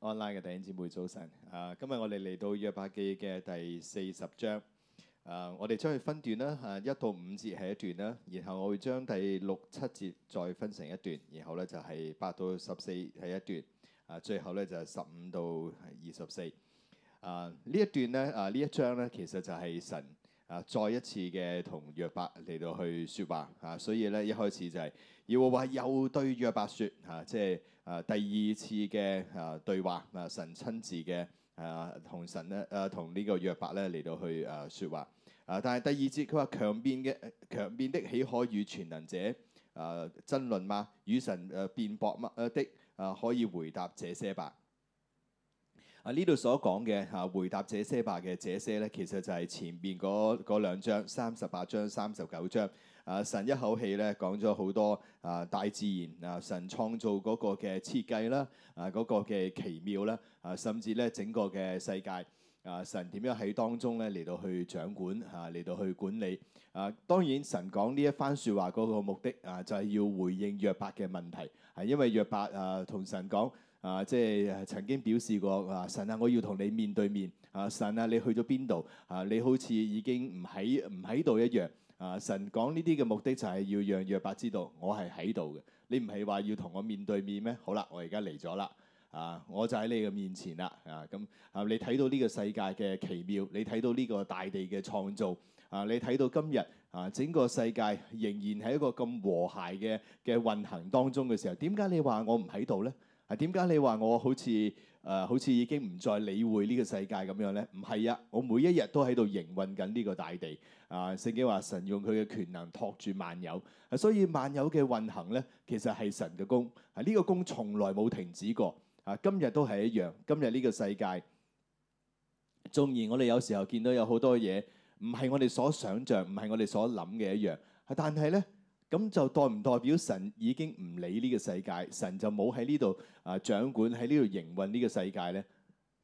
Online 嘅弟兄姊妹早晨啊，今日我哋嚟到約伯記嘅第四十章啊，我哋將佢分段啦，啊一到五節係一段啦，然後我會將第六七節再分成一段，然後咧就係八到十四係一段啊，最後咧就係十五到二十四啊呢一段咧啊呢一章咧其實就係神。啊，再一次嘅同約伯嚟到去説話。啊，所以咧一開始就係要話又對約伯説，嚇，即係啊第二次嘅啊對話，啊神親自嘅啊同神咧啊同呢個約伯咧嚟到去誒説話，啊，但係第二節佢話強辯嘅強辯的，豈可與全能者啊爭論嘛，與神誒辯駁嗎？的啊可以回答這些吧。啊！呢度所講嘅啊，回答這些吧嘅這些咧，其實就係前邊嗰兩章，三十八章、三十九章。啊，神一口氣咧講咗好多啊，大自然啊，神創造嗰個嘅設計啦，啊、那、嗰個嘅奇妙啦，啊甚至咧整個嘅世界啊，神點樣喺當中咧嚟到去掌管啊，嚟到去管理啊。當然，神講呢一番説話嗰個目的啊，就係要回應約伯嘅問題，係因為約伯啊同神講。啊！即係曾經表示過啊，神啊，我要同你面對面啊！神啊，你去咗邊度啊？你好似已經唔喺唔喺度一樣啊！神講呢啲嘅目的就係要讓約伯知道我係喺度嘅。你唔係話要同我面對面咩？好啦，我而家嚟咗啦啊！我就喺你嘅面前啦啊！咁啊，你睇到呢個世界嘅奇妙，你睇到呢個大地嘅創造啊，你睇到今日啊整個世界仍然喺一個咁和諧嘅嘅運行當中嘅時候，點解你話我唔喺度咧？點解你話我好似誒好似已經唔再理會呢個世界咁樣咧？唔係啊，我每一日都喺度營運緊呢個大地。啊，聖經話神用佢嘅權能託住萬有，啊所以萬有嘅運行咧，其實係神嘅功。啊呢個功從來冇停止過。啊，今日都係一樣。今日呢個世界，縱然我哋有時候見到有好多嘢唔係我哋所想像，唔係我哋所諗嘅一樣。係，但係咧。咁就代唔代表神已經唔理呢個世界，神就冇喺呢度啊掌管喺呢度營運呢個世界咧？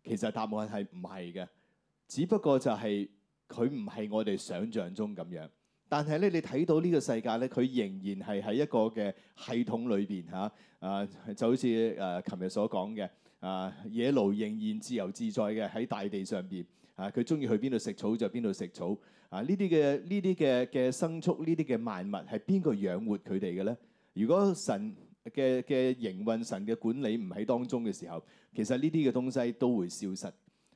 其實答案係唔係嘅，只不過就係佢唔係我哋想象中咁樣。但係咧，你睇到呢個世界咧，佢仍然係喺一個嘅系統裏邊嚇啊，就好似誒琴日所講嘅啊，野驢仍然自由自在嘅喺大地上邊啊，佢中意去邊度食草就邊度食草。啊！呢啲嘅呢啲嘅嘅牲畜，呢啲嘅萬物係邊個養活佢哋嘅咧？如果神嘅嘅營運、神嘅管理唔喺當中嘅時候，其實呢啲嘅東西都會消失。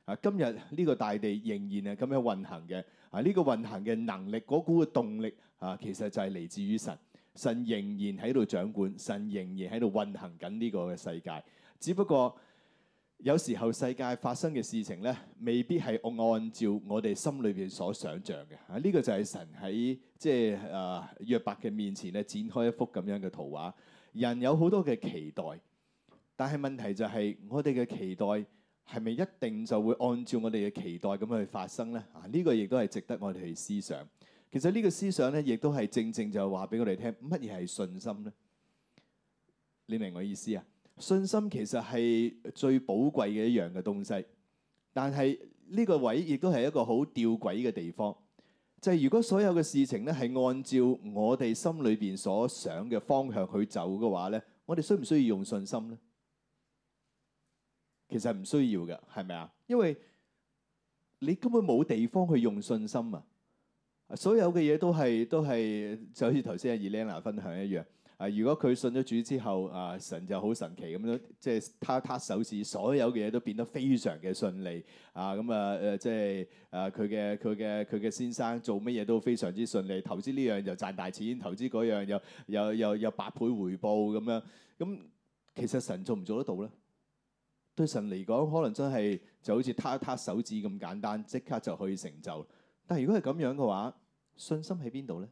啊！今日呢個大地仍然係咁樣運行嘅。啊！呢個運行嘅能力、嗰股嘅動力啊，其實就係嚟自於神。神仍然喺度掌管，神仍然喺度運行緊呢個嘅世界。只不過，有時候世界發生嘅事情咧，未必係按照我哋心裏邊所想像嘅。啊，呢個就係神喺即係啊約伯嘅面前咧，展開一幅咁樣嘅圖畫。人有好多嘅期待，但係問題就係我哋嘅期待係咪一定就會按照我哋嘅期待咁樣去發生咧？啊，呢個亦都係值得我哋去思想。其實呢個思想咧，亦都係正正就係話俾我哋聽乜嘢係信心咧？你明我意思啊？信心其實係最寶貴嘅一樣嘅東西，但係呢個位亦都係一個好吊詭嘅地方。就係如果所有嘅事情咧係按照我哋心裏邊所想嘅方向去走嘅話咧，我哋需唔需要用信心咧？其實唔需要嘅，係咪啊？因為你根本冇地方去用信心啊！所有嘅嘢都係都係，就好似頭先阿 Elena 分享一樣。啊！如果佢信咗主之後，啊神就好神奇咁樣、嗯，即係他他手指，所有嘅嘢都變得非常嘅順利。啊咁、嗯、啊，即係啊佢嘅佢嘅佢嘅先生做乜嘢都非常之順利，投資呢樣就賺大錢，投資嗰樣又又又又百倍回報咁樣。咁、嗯、其實神做唔做得到咧？對神嚟講，可能真係就好似他他手指咁簡單，即刻就可以成就。但如果係咁樣嘅話，信心喺邊度咧？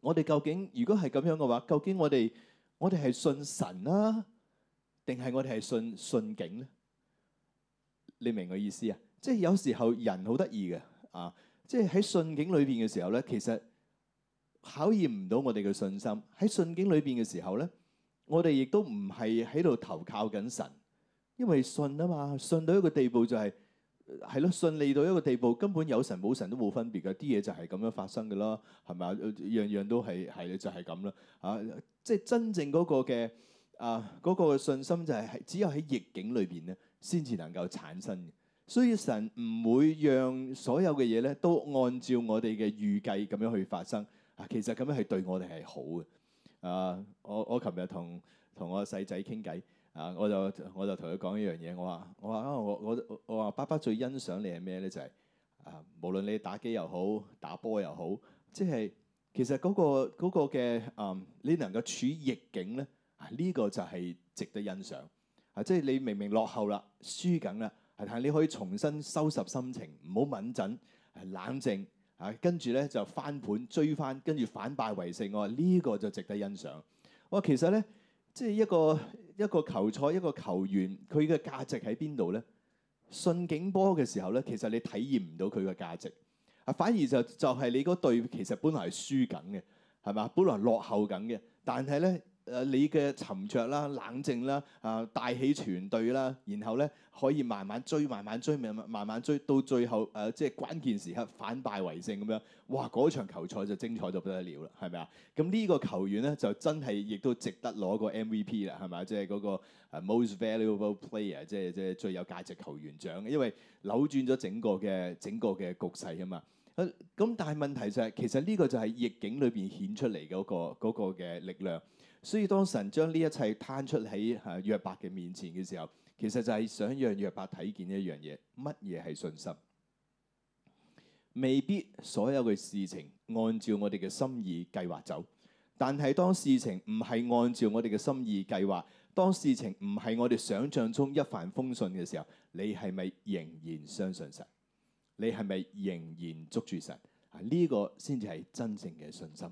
我哋究竟如果係咁樣嘅話，究竟我哋我哋係信神啦，定係我哋係信順境咧？你明我意思啊？即係有時候人好得意嘅啊！即係喺順境裏邊嘅時候咧，其實考驗唔到我哋嘅信心。喺順境裏邊嘅時候咧，我哋亦都唔係喺度投靠緊神，因為順啊嘛，順到一個地步就係。係咯，順利到一個地步，根本有神冇神都冇分別嘅，啲嘢就係咁樣發生嘅啦，係咪啊？樣樣都係，係就係咁啦。啊，即係真正嗰個嘅啊，嗰個信心就係喺只有喺逆境裏邊咧，先至能夠產生嘅。所以神唔會讓所有嘅嘢咧都按照我哋嘅預計咁樣去發生。啊，其實咁樣係對我哋係好嘅。啊，我我琴日同同我細仔傾偈。啊！我就我就同佢講一樣嘢，我話我話啊！我我我話爸爸最欣賞你係咩咧？就係啊，無論你打機又好，打波又好，即係其實嗰個嗰個嘅啊，你能夠處逆境咧，呢個就係值得欣賞啊！即係你明明落後啦、輸緊啦，但係你可以重新收拾心情，唔好忟憎，冷靜啊，跟住咧就翻盤追翻，跟住反敗為勝。我話呢個就值得欣賞。我話其實咧，即係一個。一個球賽，一個球員，佢嘅價值喺邊度咧？順境波嘅時候咧，其實你體驗唔到佢嘅價值，啊，反而就就係你嗰隊其實本來係輸緊嘅，係嘛？本來落後緊嘅，但係咧。誒你嘅沉着啦、冷靜啦、啊、呃、大起全隊啦，然後咧可以慢慢追、慢慢追、慢慢慢慢追到最後誒，即、呃、係、就是、關鍵時刻反敗為勝咁樣，哇！嗰場球賽就精彩到不得了啦，係咪啊？咁呢個球員咧就真係亦都值得攞個 MVP 啦，係咪啊？即係嗰個 most valuable player，即係即係最有價值球員獎，因為扭轉咗整個嘅整個嘅局勢啊嘛。咁但係問題就係，其實呢個就係逆境裏邊顯出嚟嗰個嗰個嘅力量。所以當神將呢一切攤出喺約伯嘅面前嘅時候，其實就係想讓約伯睇見一樣嘢：乜嘢係信心？未必所有嘅事情按照我哋嘅心意計劃走，但係當事情唔係按照我哋嘅心意計劃，當事情唔係我哋想象中一帆風順嘅時候，你係咪仍然相信神？你係咪仍然捉住神？啊，呢個先至係真正嘅信心。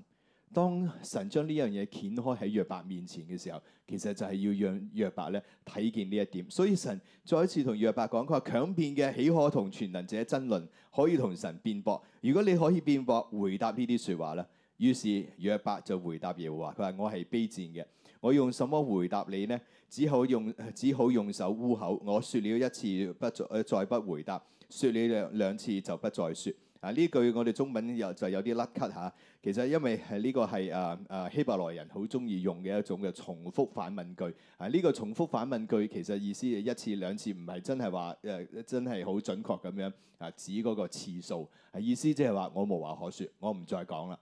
當神將呢樣嘢掀開喺約伯面前嘅時候，其實就係要讓約伯咧睇見呢一點。所以神再一次同約伯講：佢話強辯嘅豈可同全能者爭論？可以同神辯駁。如果你可以辯駁，回答呢啲説話啦。於是約伯就回答耶和華：佢話我係卑賤嘅，我用什麼回答你呢？只好用只好用手捂口。我説了一次不，不再再不回答。説你兩兩次就不再説啊！呢句我哋中文又就有啲甩咳。吓、啊、其實因為係呢個係誒誒希伯來人好中意用嘅一種嘅重複反問句啊！呢、呢個重複反問句其實意思係一次兩次，唔係真係話誒真係好準確咁樣啊指嗰個次數係、啊、意思即係話我無話可説，我唔再講啦。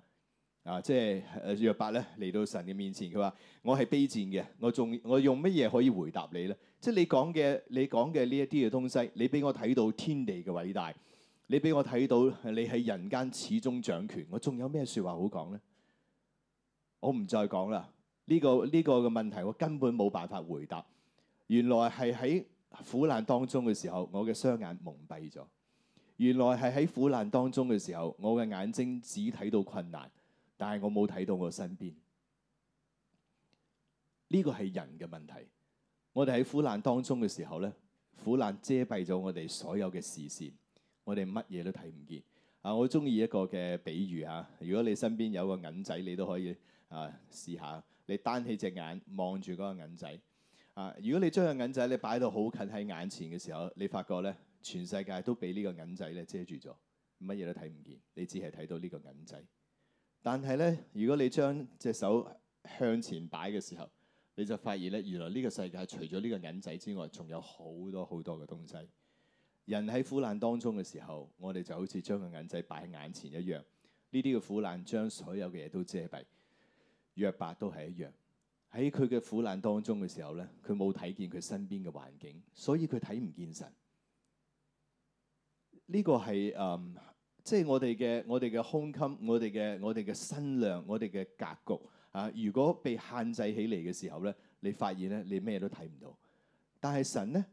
啊！即係約伯咧嚟到神嘅面前，佢話：我係卑賤嘅，我仲我用乜嘢可以回答你咧？即係你講嘅，你講嘅呢一啲嘅東西，你俾我睇到天地嘅偉大，你俾我睇到你喺人間始終掌權，我仲有咩説話好講咧？我唔再講啦。呢個呢個嘅問題，我根本冇辦法回答。原來係喺苦難當中嘅時候，我嘅雙眼蒙蔽咗。原來係喺苦難當中嘅時候，我嘅眼睛只睇到困難。但係我冇睇到我身邊呢個係人嘅問題。我哋喺苦難當中嘅時候呢，苦難遮蔽咗我哋所有嘅視線，我哋乜嘢都睇唔見。啊，我中意一個嘅比喻吓。如果你身邊有個銀仔，你都可以啊試下。你單起隻眼望住嗰個銀仔啊。如果你將個銀仔你擺到好近喺眼前嘅時候，你發覺呢全世界都俾呢個銀仔咧遮住咗，乜嘢都睇唔見，你只係睇到呢個銀仔。但係咧，如果你將隻手向前擺嘅時候，你就發現咧，原來呢個世界除咗呢個銀仔之外，仲有好多好多嘅東西。人喺苦難當中嘅時候，我哋就好似將個銀仔擺喺眼前一樣。呢啲嘅苦難將所有嘅嘢都遮蔽。約伯都係一樣。喺佢嘅苦難當中嘅時候咧，佢冇睇見佢身邊嘅環境，所以佢睇唔見神。呢、呢個係誒。Um, 即係我哋嘅我哋嘅胸襟，我哋嘅我哋嘅身量，我哋嘅格局啊！如果被限制起嚟嘅時候咧，你發現咧，你咩都睇唔到。但係神咧，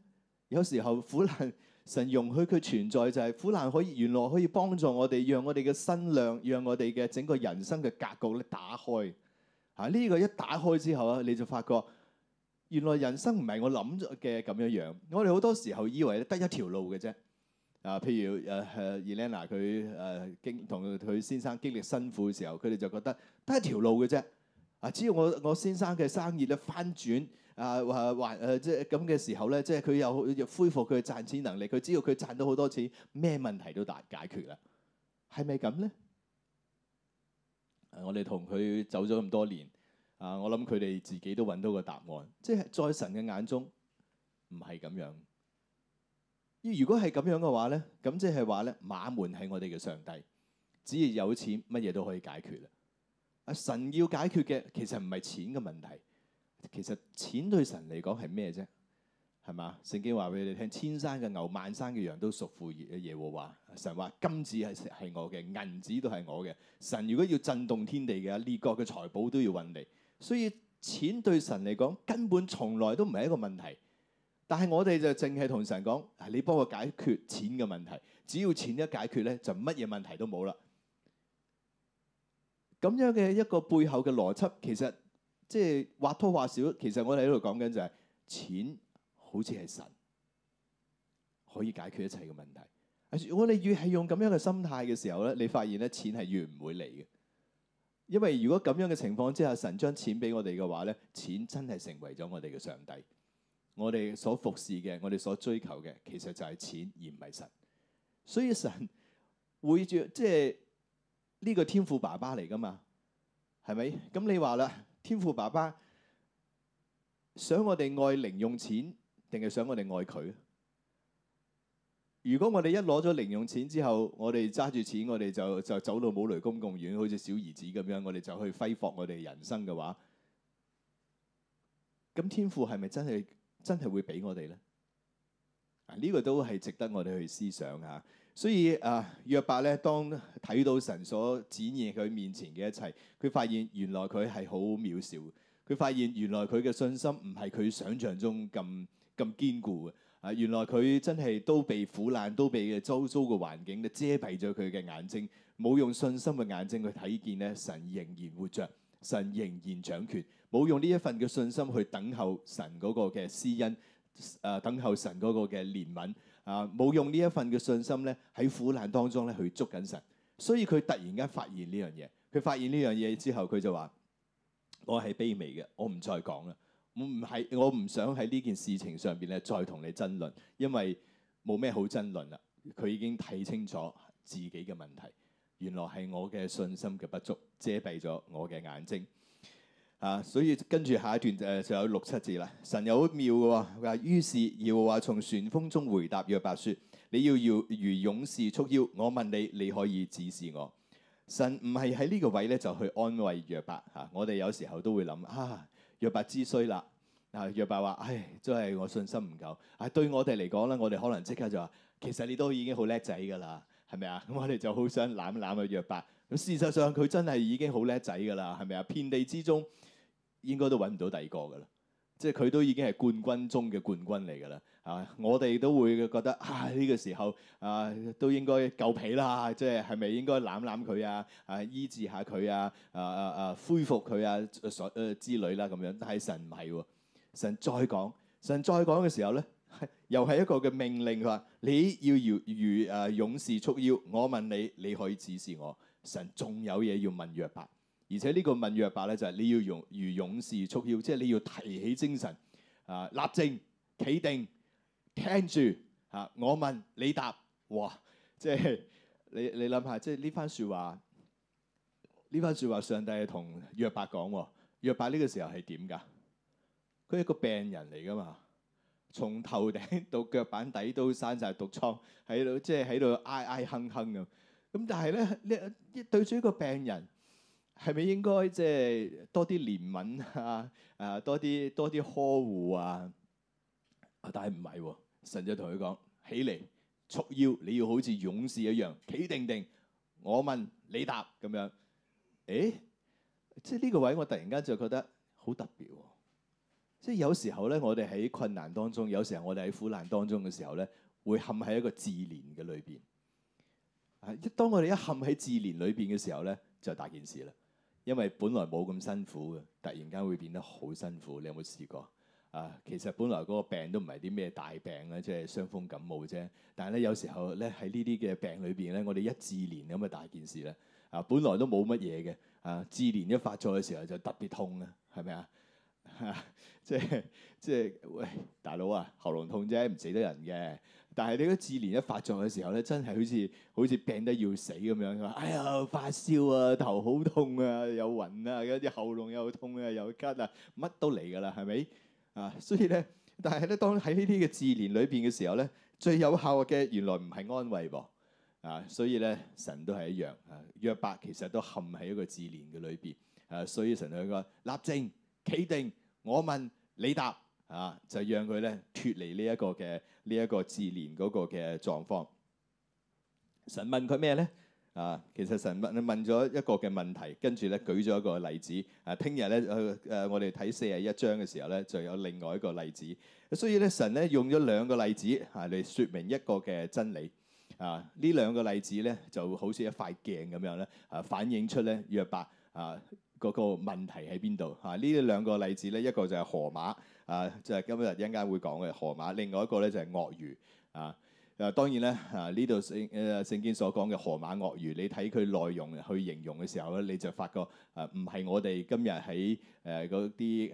有時候苦難，神容許佢存在就係苦難可以原來可以幫助我哋，讓我哋嘅身量，讓我哋嘅整個人生嘅格局咧，打開啊！呢個一打開之後啊，你就發覺原來人生唔係我諗嘅咁樣樣。我哋好多時候以為得一條路嘅啫。啊，譬如誒、啊、Elena 佢誒經、啊、同佢先生經歷辛苦嘅時候，佢哋就覺得得一條路嘅啫。啊，只要我我先生嘅生意咧翻轉啊，或還誒即係咁嘅時候咧，即係佢又恢復佢嘅賺錢能力。佢只要佢賺到好多錢，咩問題都達解決啦。係咪咁咧？我哋同佢走咗咁多年，啊，我諗佢哋自己都揾到個答案。即係在神嘅眼中，唔係咁樣。如果係咁樣嘅話咧，咁即係話咧，馬門係我哋嘅上帝，只要有錢，乜嘢都可以解決啦。啊，神要解決嘅其實唔係錢嘅問題，其實錢對神嚟講係咩啫？係嘛？聖經話俾你聽，千山嘅牛、萬山嘅羊都屬乎耶和華。神話金子係係我嘅，銀子都係我嘅。神如果要震動天地嘅，列國嘅財寶都要運嚟。所以錢對神嚟講根本從來都唔係一個問題。但係我哋就淨係同神講：你幫我解決錢嘅問題，只要錢一解決咧，就乜嘢問題都冇啦。咁樣嘅一個背後嘅邏輯，其實即係話多話少，其實我哋喺度講緊就係錢好似係神可以解決一切嘅問題。如果我哋越係用咁樣嘅心態嘅時候咧，你發現咧錢係越唔會嚟嘅，因為如果咁樣嘅情況之下，神將錢俾我哋嘅話咧，錢真係成為咗我哋嘅上帝。我哋所服侍嘅，我哋所追求嘅，其實就係錢，而唔係神。所以神會住即係呢、這個天父爸爸嚟噶嘛？係咪？咁你話啦，天父爸爸想我哋愛零用錢，定係想我哋愛佢？如果我哋一攞咗零用錢之後，我哋揸住錢，我哋就就走到冇雷公咁遠，好似小兒子咁樣，我哋就去揮霍我哋人生嘅話，咁天父係咪真係？真係會俾我哋呢？啊，呢、這個都係值得我哋去思想嚇，啊。所以啊，約伯咧，當睇到神所展現佢面前嘅一切，佢發現原來佢係好渺小。佢發現原來佢嘅信心唔係佢想象中咁咁堅固嘅。啊，原來佢真係都被苦難，都被周遭嘅環境咧遮蔽咗佢嘅眼睛，冇用信心嘅眼睛去睇見咧，神仍然活着，神仍然掌權。冇用呢一份嘅信心去等候神嗰個嘅施恩，啊，等候神嗰個嘅憐憫，啊，冇用呢一份嘅信心咧喺苦難當中咧去捉緊神，所以佢突然間發現呢樣嘢，佢發現呢樣嘢之後，佢就話：我係卑微嘅，我唔再講啦，我唔係，我唔想喺呢件事情上邊咧再同你爭論，因為冇咩好爭論啦。佢已經睇清楚自己嘅問題，原來係我嘅信心嘅不足遮蔽咗我嘅眼睛。啊，所以跟住下一段誒就有六七字啦。神有妙嘅，佢話：於是要話從旋風中回答約伯說，你要要如勇士束腰，我問你，你可以指示我。神唔係喺呢個位咧就去安慰約伯。嚇、啊，我哋有時候都會諗啊，約伯之衰啦。嗱、啊，約伯話：唉，真、就、係、是、我信心唔夠。啊，對我哋嚟講咧，我哋可能即刻就話：其實你都已經好叻仔㗎啦，係咪啊？咁我哋就好想攬攬啊約伯。咁事實上佢真係已經好叻仔㗎啦，係咪啊？遍地之中，應該都揾唔到第二個㗎啦，即係佢都已經係冠軍中嘅冠軍嚟㗎啦，嚇、啊！我哋都會覺得啊呢、這個時候啊都應該夠皮啦，即係係咪應該攬攬佢啊？啊醫治下佢啊？啊啊啊恢復佢啊？所誒之類啦咁樣，但係神唔係喎，神再講，神再講嘅時候咧，又係一個嘅命令，佢話你要如如誒、啊、勇士束腰，我問你，你可以指示我。神仲有嘢要問約伯。而且呢個問約伯咧，就係你要用如勇士束腰，即係你要提起精神啊，立正、企定、聽住嚇。我問你答，哇！即係你你諗下，即係呢番説話呢番説話，話上帝係同約伯講喎。約伯呢個時候係點㗎？佢係一個病人嚟㗎嘛，從頭頂到腳板底，底都生晒毒瘡，喺度即係喺度嗌嗌哼哼咁。咁但係咧，你對住一個病人。係咪應該即係多啲憐憫啊？誒、啊，多啲多啲呵護啊？是是啊，但係唔係喎，神就同佢講：起嚟，束腰，你要好似勇士一樣，企定定。我問你答咁樣。誒，即係呢個位，我突然間就覺得好特別，啊。即係有時候咧，我哋喺困難當中，有時候我哋喺苦難當中嘅時候咧，會陷喺一個自憐嘅裏邊。啊，一當我哋一陷喺自憐裏邊嘅時候咧，就大件事啦。因為本來冇咁辛苦嘅，突然間會變得好辛苦，你有冇試過啊？其實本來嗰個病都唔係啲咩大病咧，即係傷風感冒啫。但係咧，有時候咧喺呢啲嘅病裏邊咧，我哋一治連咁嘅大件事咧，啊，本來都冇乜嘢嘅啊，治連一發作嘅時候就特別痛啊，係咪啊？嚇、啊！即係即係喂，大佬啊，喉嚨痛啫，唔死得人嘅。但係你個自憐一發作嘅時候咧，真係好似好似病得要死咁樣。佢話：哎呀，發燒啊，頭好痛啊，又暈啊，有啲喉嚨又痛啊，又咳啊，乜都嚟㗎啦，係咪啊？所以咧，但係咧，當喺呢啲嘅自憐裏邊嘅時候咧，最有效嘅原來唔係安慰喎啊，啊！所以咧，神都係一樣啊。約伯其實都陷喺一個自憐嘅裏邊啊，所以神佢話：立正。企定，我問你答啊，就讓佢咧脫離呢一個嘅呢一個自憐嗰個嘅狀況。神問佢咩咧？啊，其實神問問咗一個嘅問題，跟住咧舉咗一個例子。啊，聽日咧去誒，我哋睇四十一章嘅時候咧，就有另外一個例子。所以咧，神咧用咗兩個例子啊嚟說明一個嘅真理。啊，呢兩個例子咧，就好似一塊鏡咁樣咧啊，反映出咧約伯啊。嗰個問題喺邊度？啊，呢兩個例子咧，一個就係河馬，啊，就係今日一陣間會講嘅河馬；另外一個咧就係鱷魚，啊。誒當然啦，誒呢度聖誒、啊、聖經所講嘅河馬、鱷魚，你睇佢內容去形容嘅時候咧，你就發覺誒唔係我哋今日喺誒嗰啲誒誒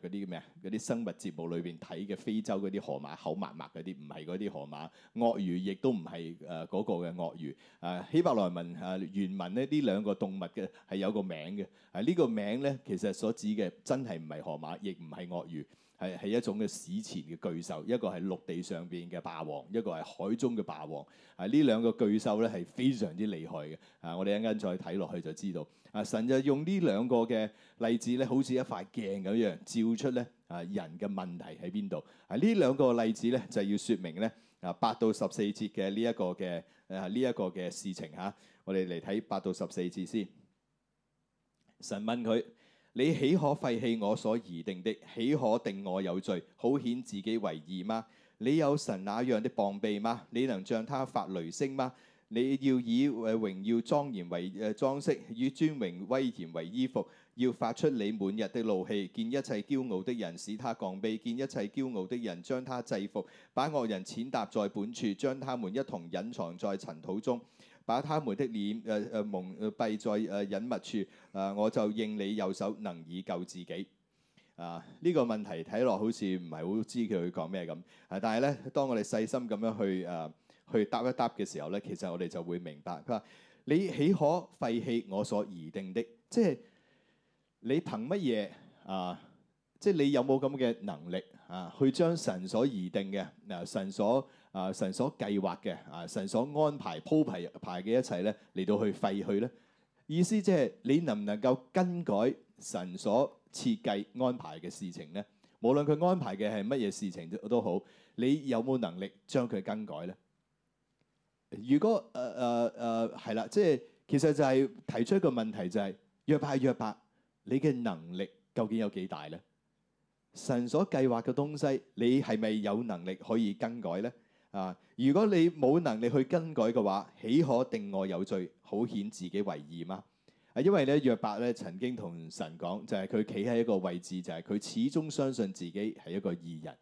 啲咩啊啲、啊、生物節目裏邊睇嘅非洲嗰啲河馬口密密嗰啲，唔係嗰啲河馬鱷魚，啊那個、鱷魚，亦都唔係誒嗰個嘅鱷魚。誒希伯來文誒、啊、原文咧呢兩個動物嘅係有個名嘅，誒、啊、呢、呢個名咧其實所指嘅真係唔係河馬，亦唔係鱷魚。係係一種嘅史前嘅巨獸，一個係陸地上邊嘅霸王，一個係海中嘅霸王。係呢兩個巨獸咧係非常之厲害嘅。啊，我哋一陣間再睇落去就知道。啊，神就用呢兩個嘅例子咧，好似一塊鏡咁樣，照出咧啊人嘅問題喺邊度。係呢兩個例子咧，就要説明咧啊八到十四節嘅呢一個嘅啊呢一個嘅事情嚇、啊。我哋嚟睇八到十四節先。神問佢。你豈可廢棄我所擬定的？豈可定我有罪，好顯自己為義嗎？你有神那樣的膀臂嗎？你能像他發雷聲嗎？你要以誒榮耀莊嚴為誒裝飾，以尊榮威嚴為衣服，要發出你滿溢的怒氣，見一切驕傲的人使他降卑，見一切驕傲的人將他制服，把惡人踐踏在本處，將他們一同隱藏在塵土中。把他們的臉誒誒蒙蔽在誒隱密處，誒、呃、我就認你右手能以救自己。啊，呢、這個問題睇落好似唔係好知佢講咩咁，但係咧，當我哋細心咁樣去誒、啊、去答一答嘅時候咧，其實我哋就會明白。佢話你豈可廢棄我所擬定的？即、就、係、是、你憑乜嘢啊？即、就、係、是、你有冇咁嘅能力啊？去將神所擬定嘅嗱、啊、神所。啊！神所計劃嘅，啊神所安排鋪排排嘅一切咧，嚟到去廢去咧，意思即係你能唔能夠更改神所設計安排嘅事情咧？無論佢安排嘅係乜嘢事情都都好，你有冇能力將佢更改咧？如果誒誒誒係啦，即係其實就係提出一個問題，就係約伯約伯，你嘅能力究竟有幾大咧？神所計劃嘅東西，你係咪有能力可以更改咧？啊！如果你冇能力去更改嘅話，豈可定我有罪，好顯自己為義嗎？啊，因為咧，約伯咧曾經同神講，就係佢企喺一個位置，就係、係、佢始終相信自己係一個義人。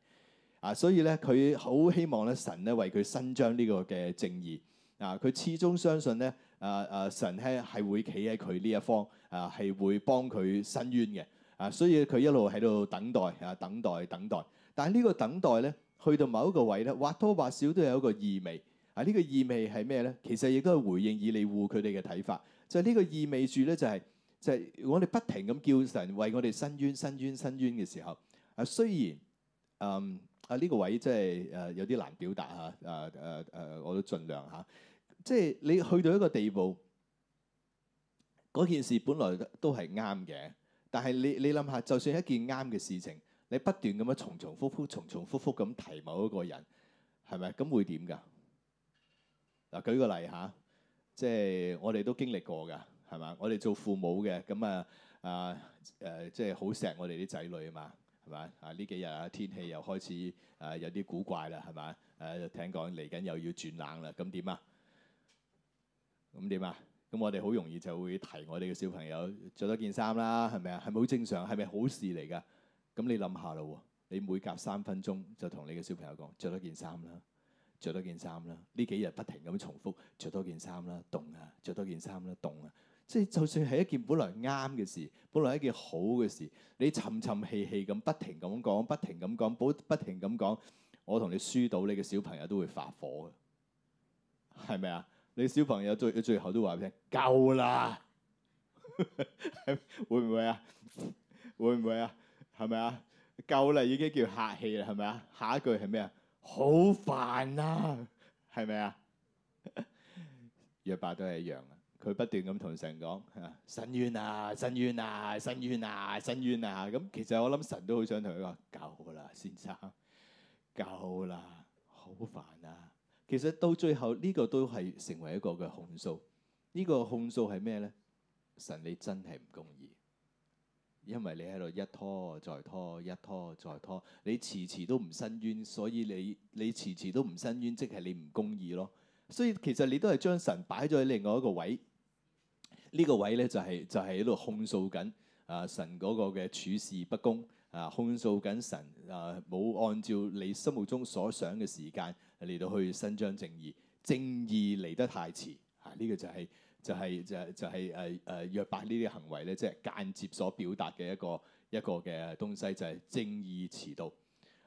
啊，所以咧，佢好希望咧，神咧為佢伸張呢個嘅正義。啊，佢始終相信咧，啊啊神咧係會企喺佢呢一方，啊係會幫佢伸冤嘅。啊，所以佢一路喺度等待，啊等待等待。但係呢個等待咧。去到某一個位咧，或多或少都有一個意味。啊，呢個意味係咩咧？其實亦都係回應以利戶佢哋嘅睇法，就係呢個意味住咧，就係就係我哋不停咁叫神為我哋申冤、申冤、申冤嘅時候。啊，雖然嗯啊呢個位真係誒有啲難表達嚇，誒誒誒，我都盡量嚇。即係你去到一個地步，嗰件事本來都係啱嘅，但係你你諗下，就算一件啱嘅事情。你不斷咁樣重、重覆覆、重復復、重、重復復咁提某一個人係咪？咁會點㗎嗱？舉個例嚇，即係我哋都經歷過㗎，係嘛？我哋做父母嘅咁啊啊誒，即係好錫我哋啲仔女啊嘛，係咪？啊？呢幾日啊，啊天、天氣又開始誒有啲古怪啦，係嘛誒？聽講嚟緊又要轉冷啦，咁點啊？咁點啊？咁我哋好容易就會提我哋嘅小朋友着多件衫啦，係咪啊？係咪好正常？係咪好事嚟㗎？咁你諗下咯。你每隔三分鐘就同你嘅小朋友講着多件衫啦，着多件衫啦。呢幾日不停咁重複着多件衫啦，凍啊！着多件衫啦，凍啊！即係就算係一件本來啱嘅事，本來一件好嘅事，你沉沉氣氣咁不停咁講，不停咁講，不停咁講，我同你輸到你嘅小朋友都會發火嘅，係咪啊？你小朋友最最後都話畀你聽：夠啦！ 會唔會啊？會唔會啊？係咪啊？夠啦，已經叫客氣啦，係咪啊？下一句係咩啊？好煩啊，係咪 啊？約伯都係一樣啊，佢不斷咁同神講啊，申冤啊，申冤啊，申冤啊，申冤啊！咁其實我諗神都好想同佢講夠啦，先生夠啦，好煩啊！其實到最後呢個都係成為一個嘅控訴，呢個控訴係咩咧？神你真係唔公義。因為你喺度一拖再拖，一拖再拖，你遲遲都唔伸冤，所以你你遲遲都唔伸冤，即係你唔公義咯。所以其實你都係將神擺咗喺另外一個位，呢個位咧就係就係喺度控訴緊啊神嗰個嘅處事不公啊，控訴緊神啊冇按照你心目中所想嘅時間嚟到去伸張正義，正義嚟得太遲啊！呢個就係。就係、是、就是、就係誒誒約伯呢啲行為咧，即係間接所表達嘅一個一個嘅東西，就係、是、正義遲到。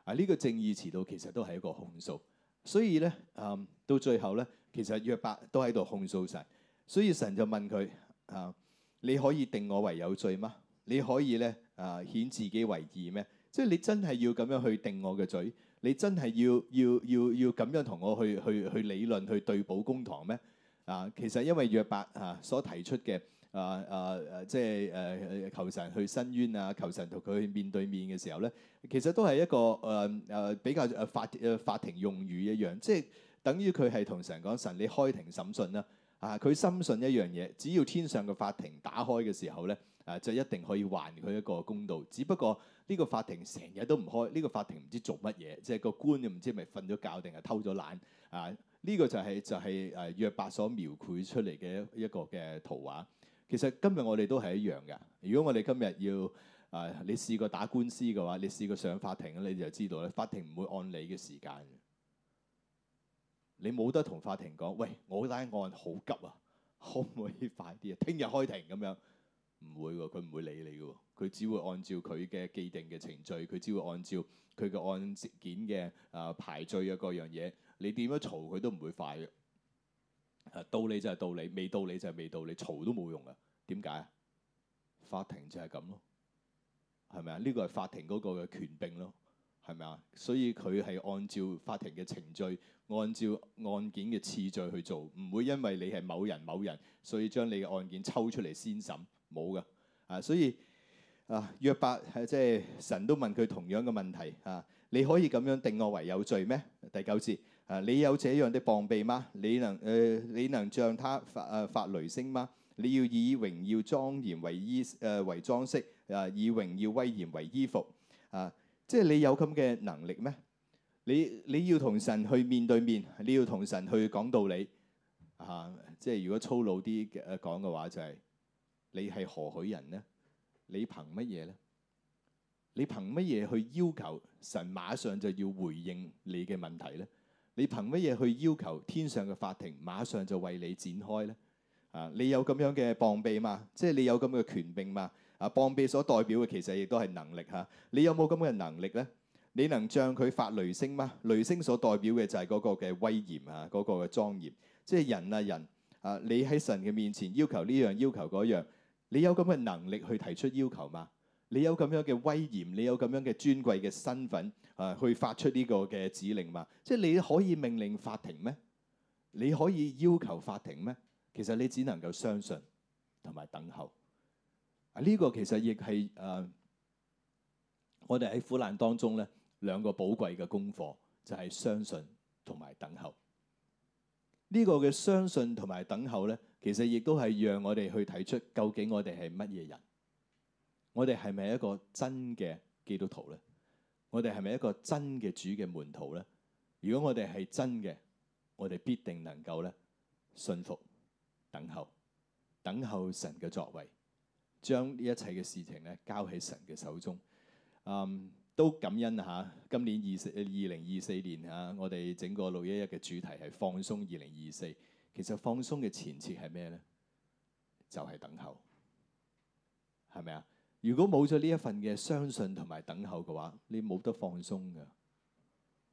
啊，呢、這個正義遲到其實都係一個控訴，所以咧誒、啊、到最後咧，其實約伯都喺度控訴神。所以神就問佢啊：你可以定我為有罪嗎？你可以咧誒顯自己為義咩？即係你真係要咁樣去定我嘅罪？你真係要要要要咁樣同我去去去，去理論去對簿公堂咩？啊，其實因為約伯啊所提出嘅啊啊啊，即係誒求神去伸冤啊，求神同佢去面對面嘅時候咧，其實都係一個誒誒、啊啊、比較誒法誒、啊、法庭用語一樣，即係等於佢係同神講神，你開庭審訊啦啊！佢深信一樣嘢，只要天上嘅法庭打開嘅時候咧，啊就一定可以還佢一個公道。只不過呢個法庭成日都唔開，呢、呢個法庭唔知做乜嘢，即係個官又唔知係咪瞓咗覺定係偷咗懶啊！呢個就係、是、就係誒約伯所描繪出嚟嘅一個嘅圖畫。其實今日我哋都係一樣嘅。如果我哋今日要誒、呃、你試過打官司嘅話，你試過上法庭，你就知道咧，法庭唔會按你嘅時間。你冇得同法庭講，喂，我單案好急啊，可唔可以快啲啊？聽日開庭咁樣，唔會嘅，佢唔會理你嘅，佢只會按照佢嘅既定嘅程序，佢只會按照佢嘅案件嘅誒、呃、排序嘅各樣嘢。你點樣嘈佢都唔會快嘅。誒，道理就係道理，未道理就係未道理，嘈都冇用㗎。點解啊？法庭就係咁咯，係咪啊？呢個係法庭嗰個嘅權柄咯，係咪啊？所以佢係按照法庭嘅程序，按照案件嘅次序去做，唔會因為你係某人某人，所以將你嘅案件抽出嚟先審，冇㗎。啊，所以啊，約伯係即係神都問佢同樣嘅問題啊，你可以咁樣定我為有罪咩？第九節。啊！你有這樣的防備嗎？你能誒、呃？你能像他發誒發雷聲嗎？你要以榮耀莊嚴為衣誒、呃、為裝飾啊、呃！以榮耀威嚴為衣服啊！即係你有咁嘅能力咩？你你要同神去面對面，你要同神去講道理啊！即係如果粗魯啲講嘅話，就係、是、你係何許人呢？你憑乜嘢呢？你憑乜嘢去要求神馬上就要回應你嘅問題呢？你憑乜嘢去要求天上嘅法庭馬上就為你展開呢？啊，你有咁樣嘅膀臂嘛？即係你有咁嘅權柄嘛？啊，膀臂所代表嘅其實亦都係能力吓，啊，你有冇咁嘅能力呢？你能像佢發雷聲嗎？雷聲所代表嘅就係嗰個嘅威嚴啊，嗰、嗰個嘅莊嚴。即係人啊人，人啊，你喺神嘅面前要求呢樣要求嗰樣，你有咁嘅能力去提出要求嗎？你有咁樣嘅威嚴，你有咁樣嘅尊貴嘅身份，啊，去發出呢個嘅指令嘛？即係你可以命令法庭咩？你可以要求法庭咩？其實你只能夠相信同埋等候。啊，呢個其實亦係誒，我哋喺苦難當中咧，兩個寶貴嘅功課就係相信同埋等候。呢個嘅相信同埋等候咧，其實亦都係讓我哋去睇出究竟我哋係乜嘢人。我哋係咪一個真嘅基督徒咧？我哋係咪一個真嘅主嘅門徒咧？如果我哋係真嘅，我哋必定能夠咧信服、等候、等候神嘅作為，將呢一切嘅事情咧交喺神嘅手中。嗯，都感恩下今年二四二零二四年吓，我哋整個六一一嘅主題係放鬆二零二四。其實放鬆嘅前設係咩咧？就係、是、等候，係咪啊？如果冇咗呢一份嘅相信同埋等候嘅話，你冇得放鬆嘅，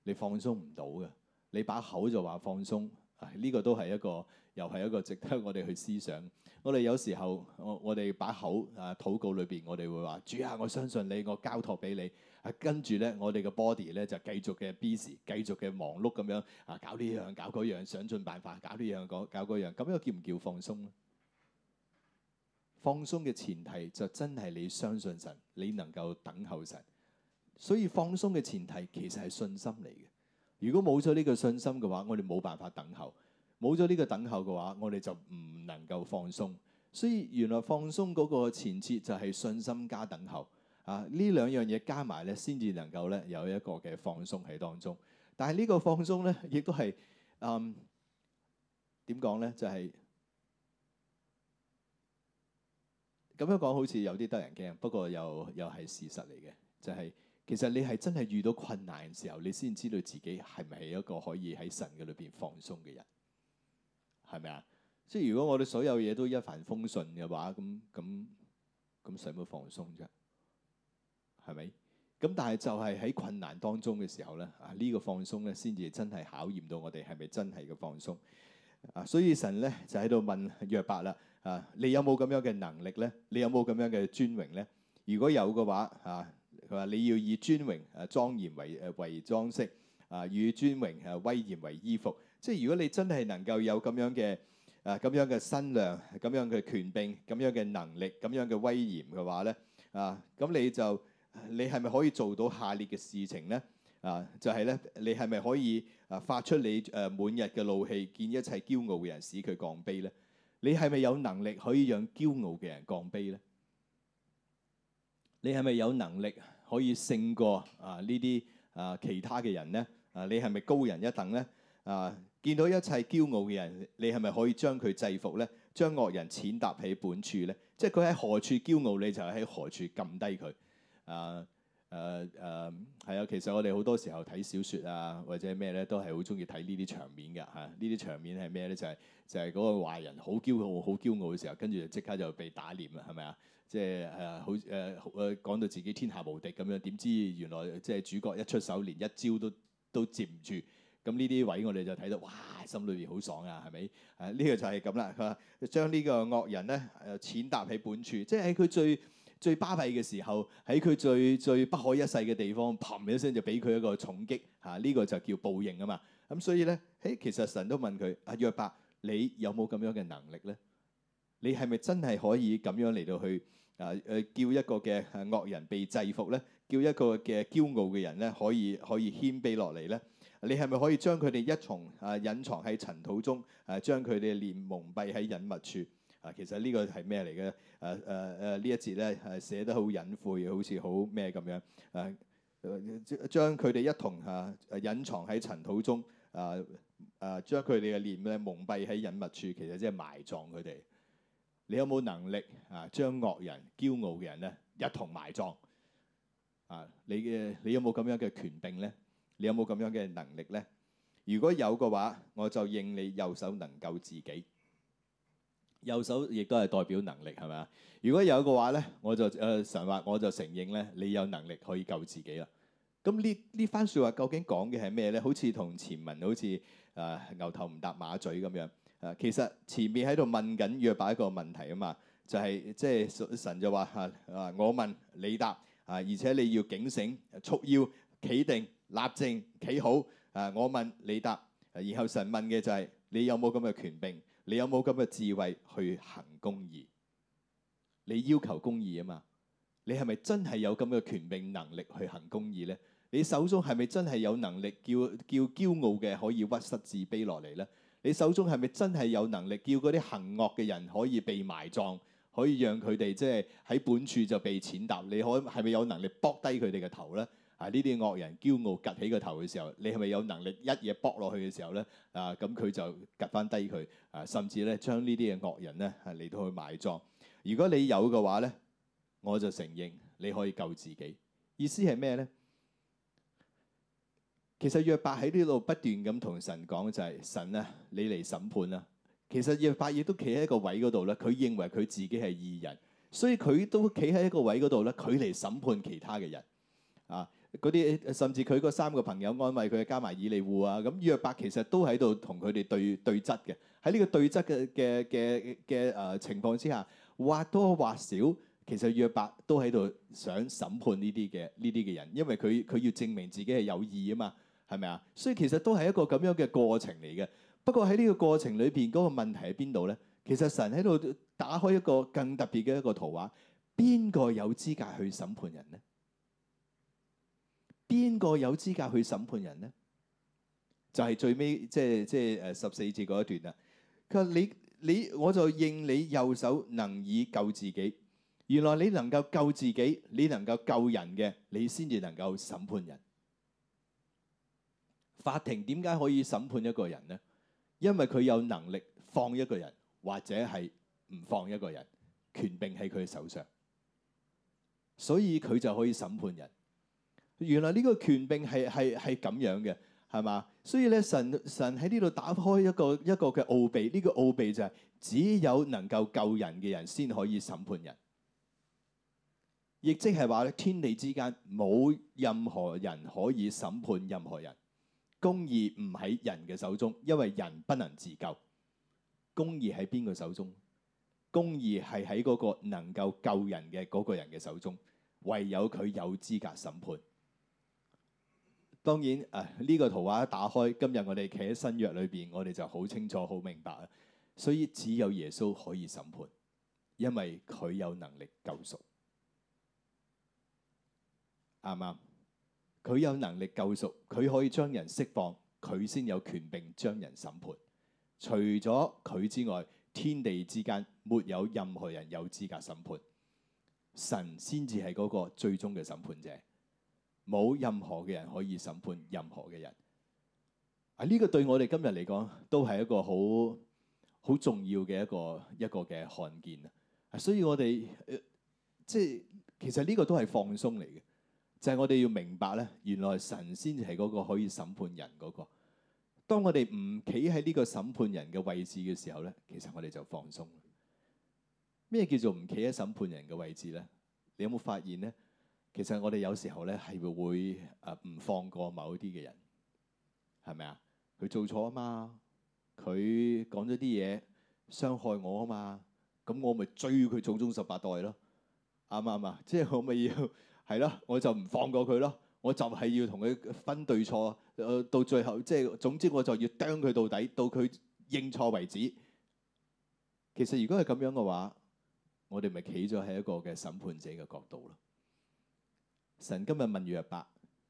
你放鬆唔到嘅。你把口就話放鬆，呢、哎呢個都係一個又係一個值得我哋去思想。我哋有時候，我我哋把口啊，禱告裏邊，我哋會話：「主啊，我相信你，我交託俾你。」啊，跟住咧，我哋嘅 body 咧就繼續嘅 busy，繼續嘅忙碌咁樣啊，搞呢樣搞嗰樣，想盡辦法搞呢樣搞嗰樣，咁樣叫唔叫放鬆？放鬆嘅前提就真係你相信神，你能夠等候神。所以放鬆嘅前提其實係信心嚟嘅。如果冇咗呢個信心嘅話，我哋冇辦法等候；冇咗呢個等候嘅話，我哋就唔能夠放鬆。所以原來放鬆嗰個前設就係信心加等候啊！呢兩樣嘢加埋咧，先至能夠咧有一個嘅放鬆喺當中。但係呢個放鬆咧，亦都係嗯點講咧，就係、是。咁樣講好似有啲得人驚，不過又又係事實嚟嘅，就係其實你係真係遇到困難嘅時候，你先知道自己係咪一個可以喺神嘅裏邊放鬆嘅人，係咪啊？即係如果我哋所有嘢都一帆風順嘅話，咁咁咁使乜放鬆啫？係咪？咁但係就係喺困難當中嘅時候咧，啊呢個放鬆咧，先至真係考驗到我哋係咪真係嘅放鬆啊！所以神咧就喺度問約伯啦。啊！你有冇咁樣嘅能力咧？你有冇咁樣嘅尊榮咧？如果有嘅話，啊，佢話你要以尊榮誒、啊、莊嚴為誒、啊、為裝飾，啊，以尊榮誒、啊、威嚴為衣服。即係如果你真係能夠有咁樣嘅誒咁樣嘅身量、咁樣嘅權柄、咁樣嘅能力、咁樣嘅威嚴嘅話咧，啊，咁你就你係咪可以做到下列嘅事情咧？啊，就係、是、咧，你係咪可以誒發出你誒滿溢嘅怒氣，見一切驕傲嘅人，使佢降卑咧？你係咪有能力可以讓驕傲嘅人降卑咧？你係咪有能力可以勝過啊呢啲啊其他嘅人咧？啊、呃、你係咪高人一等咧？啊、呃、見到一切驕傲嘅人，你係咪可以將佢制服咧？將惡人踐踏喺本處咧？即係佢喺何處驕傲，你就喺何處撳低佢啊！呃誒誒，係啊！其實我哋好多時候睇小說啊，或者咩咧，都係好中意睇呢啲場面嘅嚇。呢、啊、啲場面係咩咧？就係、是、就係、是、嗰個壞人好驕傲、好驕傲嘅時候，跟住就即刻就被打臉啦，係咪啊？即係誒好誒誒，講、uh, uh, 到自己天下無敵咁樣，點知原來即係主角一出手，連一招都都接唔住。咁呢啲位我哋就睇到，哇！心裏邊好爽啊，係咪？啊，呢、這個就係咁啦。佢話將呢個惡人咧誒，踐踏喺本處，即係喺佢最。最巴閉嘅時候，喺佢最最不可一世嘅地方，砰一聲就俾佢一個重擊，嚇、啊、呢、這個就叫報應啊嘛！咁所以咧，誒其實神都問佢：阿約伯，你有冇咁樣嘅能力咧？你係咪真係可以咁樣嚟到去啊？誒叫一個嘅惡人被制服咧，叫一個嘅驕傲嘅人咧，可以可以謙卑落嚟咧？你係咪可以將佢哋一同啊隱藏喺塵土中，誒、啊、將佢哋嘅臉蒙蔽喺隱密處？啊，其實呢個係咩嚟嘅？誒誒誒，呢一節咧係寫得好隱晦，好似好咩咁樣誒、啊？將佢哋一同嚇、啊、隱藏喺塵土中，誒、啊、誒、啊，將佢哋嘅臉咧蒙蔽喺隱密處，其實即係埋葬佢哋。你有冇能力啊？將惡人、驕傲嘅人咧一同埋葬啊？你嘅你有冇咁樣嘅權柄咧？你有冇咁樣嘅能力咧？如果有嘅話，我就認你右手能救自己。右手亦都係代表能力係咪啊？如果有嘅話咧，我就誒神話我就承認咧，你有能力可以救自己啦。咁呢呢番説話究竟講嘅係咩咧？好似同前文好似誒牛頭唔搭馬嘴咁樣誒。其實前面喺度問緊約伯一個問題啊嘛，就係即係神就話嚇誒我問你答啊，而且你要警醒、束腰、企定、立正、企好啊。我問你答，然後神問嘅就係你有冇咁嘅權柄？你有冇咁嘅智慧去行公義？你要求公義啊嘛？你係咪真係有咁嘅權柄能力去行公義呢？你手中係咪真係有能力叫叫驕傲嘅可以屈膝自卑落嚟呢？你手中係咪真係有能力叫嗰啲行惡嘅人可以被埋葬，可以讓佢哋即係喺本處就被踐踏？你可係咪有能力剝低佢哋嘅頭呢？係呢啲惡人驕傲趷起個頭嘅時候，你係咪有能力一嘢剝落去嘅時候咧？啊，咁佢就趷翻低佢，啊，甚至咧將呢啲嘅惡人咧嚟到去埋葬。如果你有嘅話咧，我就承認你可以救自己。意思係咩咧？其實約伯喺呢度不斷咁同神講就係神咧，你嚟審判啦。其實約伯亦都企喺一個位嗰度咧，佢認為佢自己係義人，所以佢都企喺一個位嗰度咧，佢嚟審判其他嘅人啊。啲甚至佢嗰三個朋友安慰佢，加埋以利戶啊，咁約伯其實都喺度同佢哋對對質嘅。喺呢個對質嘅嘅嘅嘅誒情況之下，或多或少其實約伯都喺度想審判呢啲嘅呢啲嘅人，因為佢佢要證明自己係有意啊嘛，係咪啊？所以其實都係一個咁樣嘅過程嚟嘅。不過喺呢個過程裏邊，嗰個問題喺邊度咧？其實神喺度打開一個更特別嘅一個圖畫，邊個有資格去審判人咧？邊個有資格去審判人呢？就係最尾即係即係誒十四節嗰一段啦。佢話你你我就認你右手能以救自己。原來你能夠救自己，你能夠救人嘅，你先至能夠審判人。法庭點解可以審判一個人呢？因為佢有能力放一個人或者係唔放一個人，權柄喺佢手上，所以佢就可以審判人。原來呢個權柄係係係咁樣嘅，係嘛？所以咧，神神喺呢度打開一個一個嘅奧秘。呢個奧秘就係只有能夠救人嘅人先可以審判人，亦即係話咧，天地之間冇任何人可以審判任何人。公義唔喺人嘅手中，因為人不能自救。公義喺邊個手中？公義係喺嗰個能夠救人嘅嗰個人嘅手中，唯有佢有資格審判。當然，誒、啊、呢個圖畫一打開，今日我哋企喺新約裏邊，我哋就好清楚、好明白啊！所以只有耶穌可以審判，因為佢有能力救贖，啱唔啱？佢有能力救贖，佢可以將人釋放，佢先有權柄將人審判。除咗佢之外，天地之間沒有任何人有資格審判，神先至係嗰個最終嘅審判者。冇任何嘅人可以審判任何嘅人，啊呢、這個對我哋今日嚟講都係一個好好重要嘅一個一個嘅看見啊！所以我哋、呃、即係其實呢個都係放鬆嚟嘅，就係、是、我哋要明白咧，原來神先至係嗰個可以審判人嗰、那個。當我哋唔企喺呢個審判人嘅位置嘅時候咧，其實我哋就放鬆。咩叫做唔企喺審判人嘅位置咧？你有冇發現咧？其實我哋有時候咧係會唔放過某一啲嘅人，係咪啊？佢做錯啊嘛，佢講咗啲嘢傷害我啊嘛，咁我咪追佢祖宗十八代咯，啱唔啱啊？即係我咪要係 咯，我就唔放過佢咯，我就係要同佢分對錯，呃，到最後即係總之我就要釘佢到底，到佢認錯為止。其實如果係咁樣嘅話，我哋咪企咗喺一個嘅審判者嘅角度咯。神今日問約伯，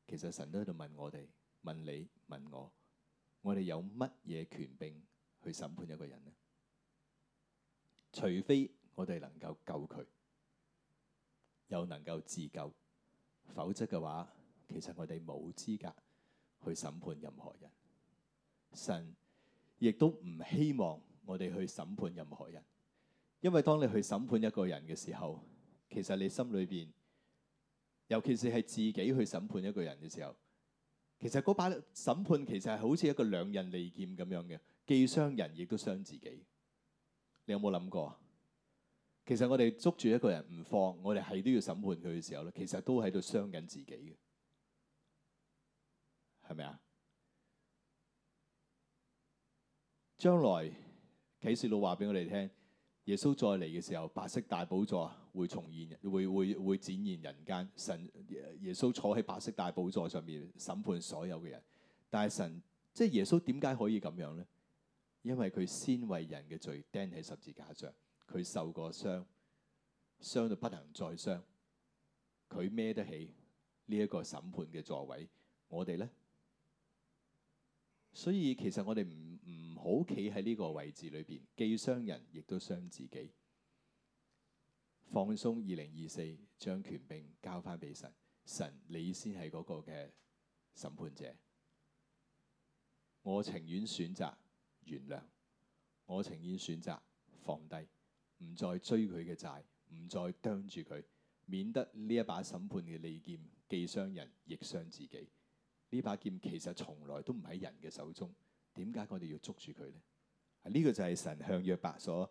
其實神都喺度問我哋，問你，問我，我哋有乜嘢權柄去審判一個人呢？除非我哋能夠救佢，又能夠自救，否則嘅話，其實我哋冇資格去審判任何人。神亦都唔希望我哋去審判任何人，因為當你去審判一個人嘅時候，其實你心裏邊。尤其是係自己去審判一個人嘅時候，其實嗰把審判其實係好似一個兩刃利劍咁樣嘅，既傷人亦都傷自己。你有冇諗過啊？其實我哋捉住一個人唔放，我哋係都要審判佢嘅時候咧，其實都喺度傷緊自己嘅，係咪啊？將來啟示錄話俾我哋聽，耶穌再嚟嘅時候，白色大寶座，會重現，會會會展現人間。神耶穌坐喺白色大寶座上面審判所有嘅人，但係神即係耶穌點解可以咁樣呢？因為佢先為人嘅罪釘喺十字架上，佢受過傷，傷到不能再傷。佢孭得起呢一個審判嘅座位，我哋呢，所以其實我哋唔唔好企喺呢個位置裏邊，既傷人亦都傷自己。放鬆，二零二四將權柄交翻俾神，神你先係嗰個嘅審判者。我情願選擇原諒，我情願選擇放低，唔再追佢嘅債，唔再啄住佢，免得呢一把審判嘅利劍既傷人亦傷自己。呢把劍其實從來都唔喺人嘅手中，點解我哋要捉住佢呢？呢、這個就係神向約伯所。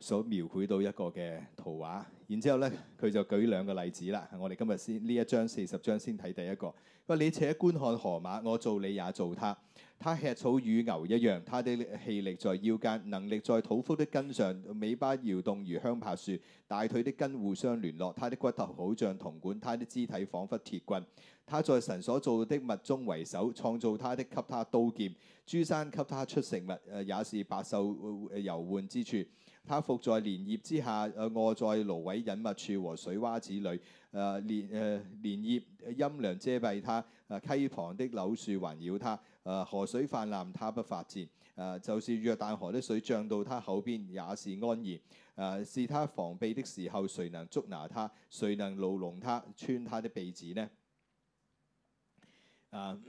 所描繪到一個嘅圖畫，然之後呢，佢就舉兩個例子啦。我哋今日先呢一章四十章先睇第一個。話你且觀看河馬，我做你也做他。他吃草與牛一樣，他的氣力在腰間，能力在肚腹的根上，尾巴搖動如香柏樹，大腿的根互相聯絡，他的骨頭好像銅管，他的肢體彷彿鐵棍。他在神所做的物中為首，創造他的給他刀劍，珠山給他出食物，也是百獸遊玩之處。他伏在蓮葉之下，臥在蘆葦隱密處和水窪子裏。誒蓮、誒蓮葉陰涼遮蔽他誒、啊、溪旁的柳樹環繞他誒、啊、河水泛濫，他不發戰。誒、啊、就是約旦河的水漲到他口邊，也是安然。誒、啊、是他防備的時候，誰能捉拿他？誰能牢籠他穿他的鼻子呢？誒、啊，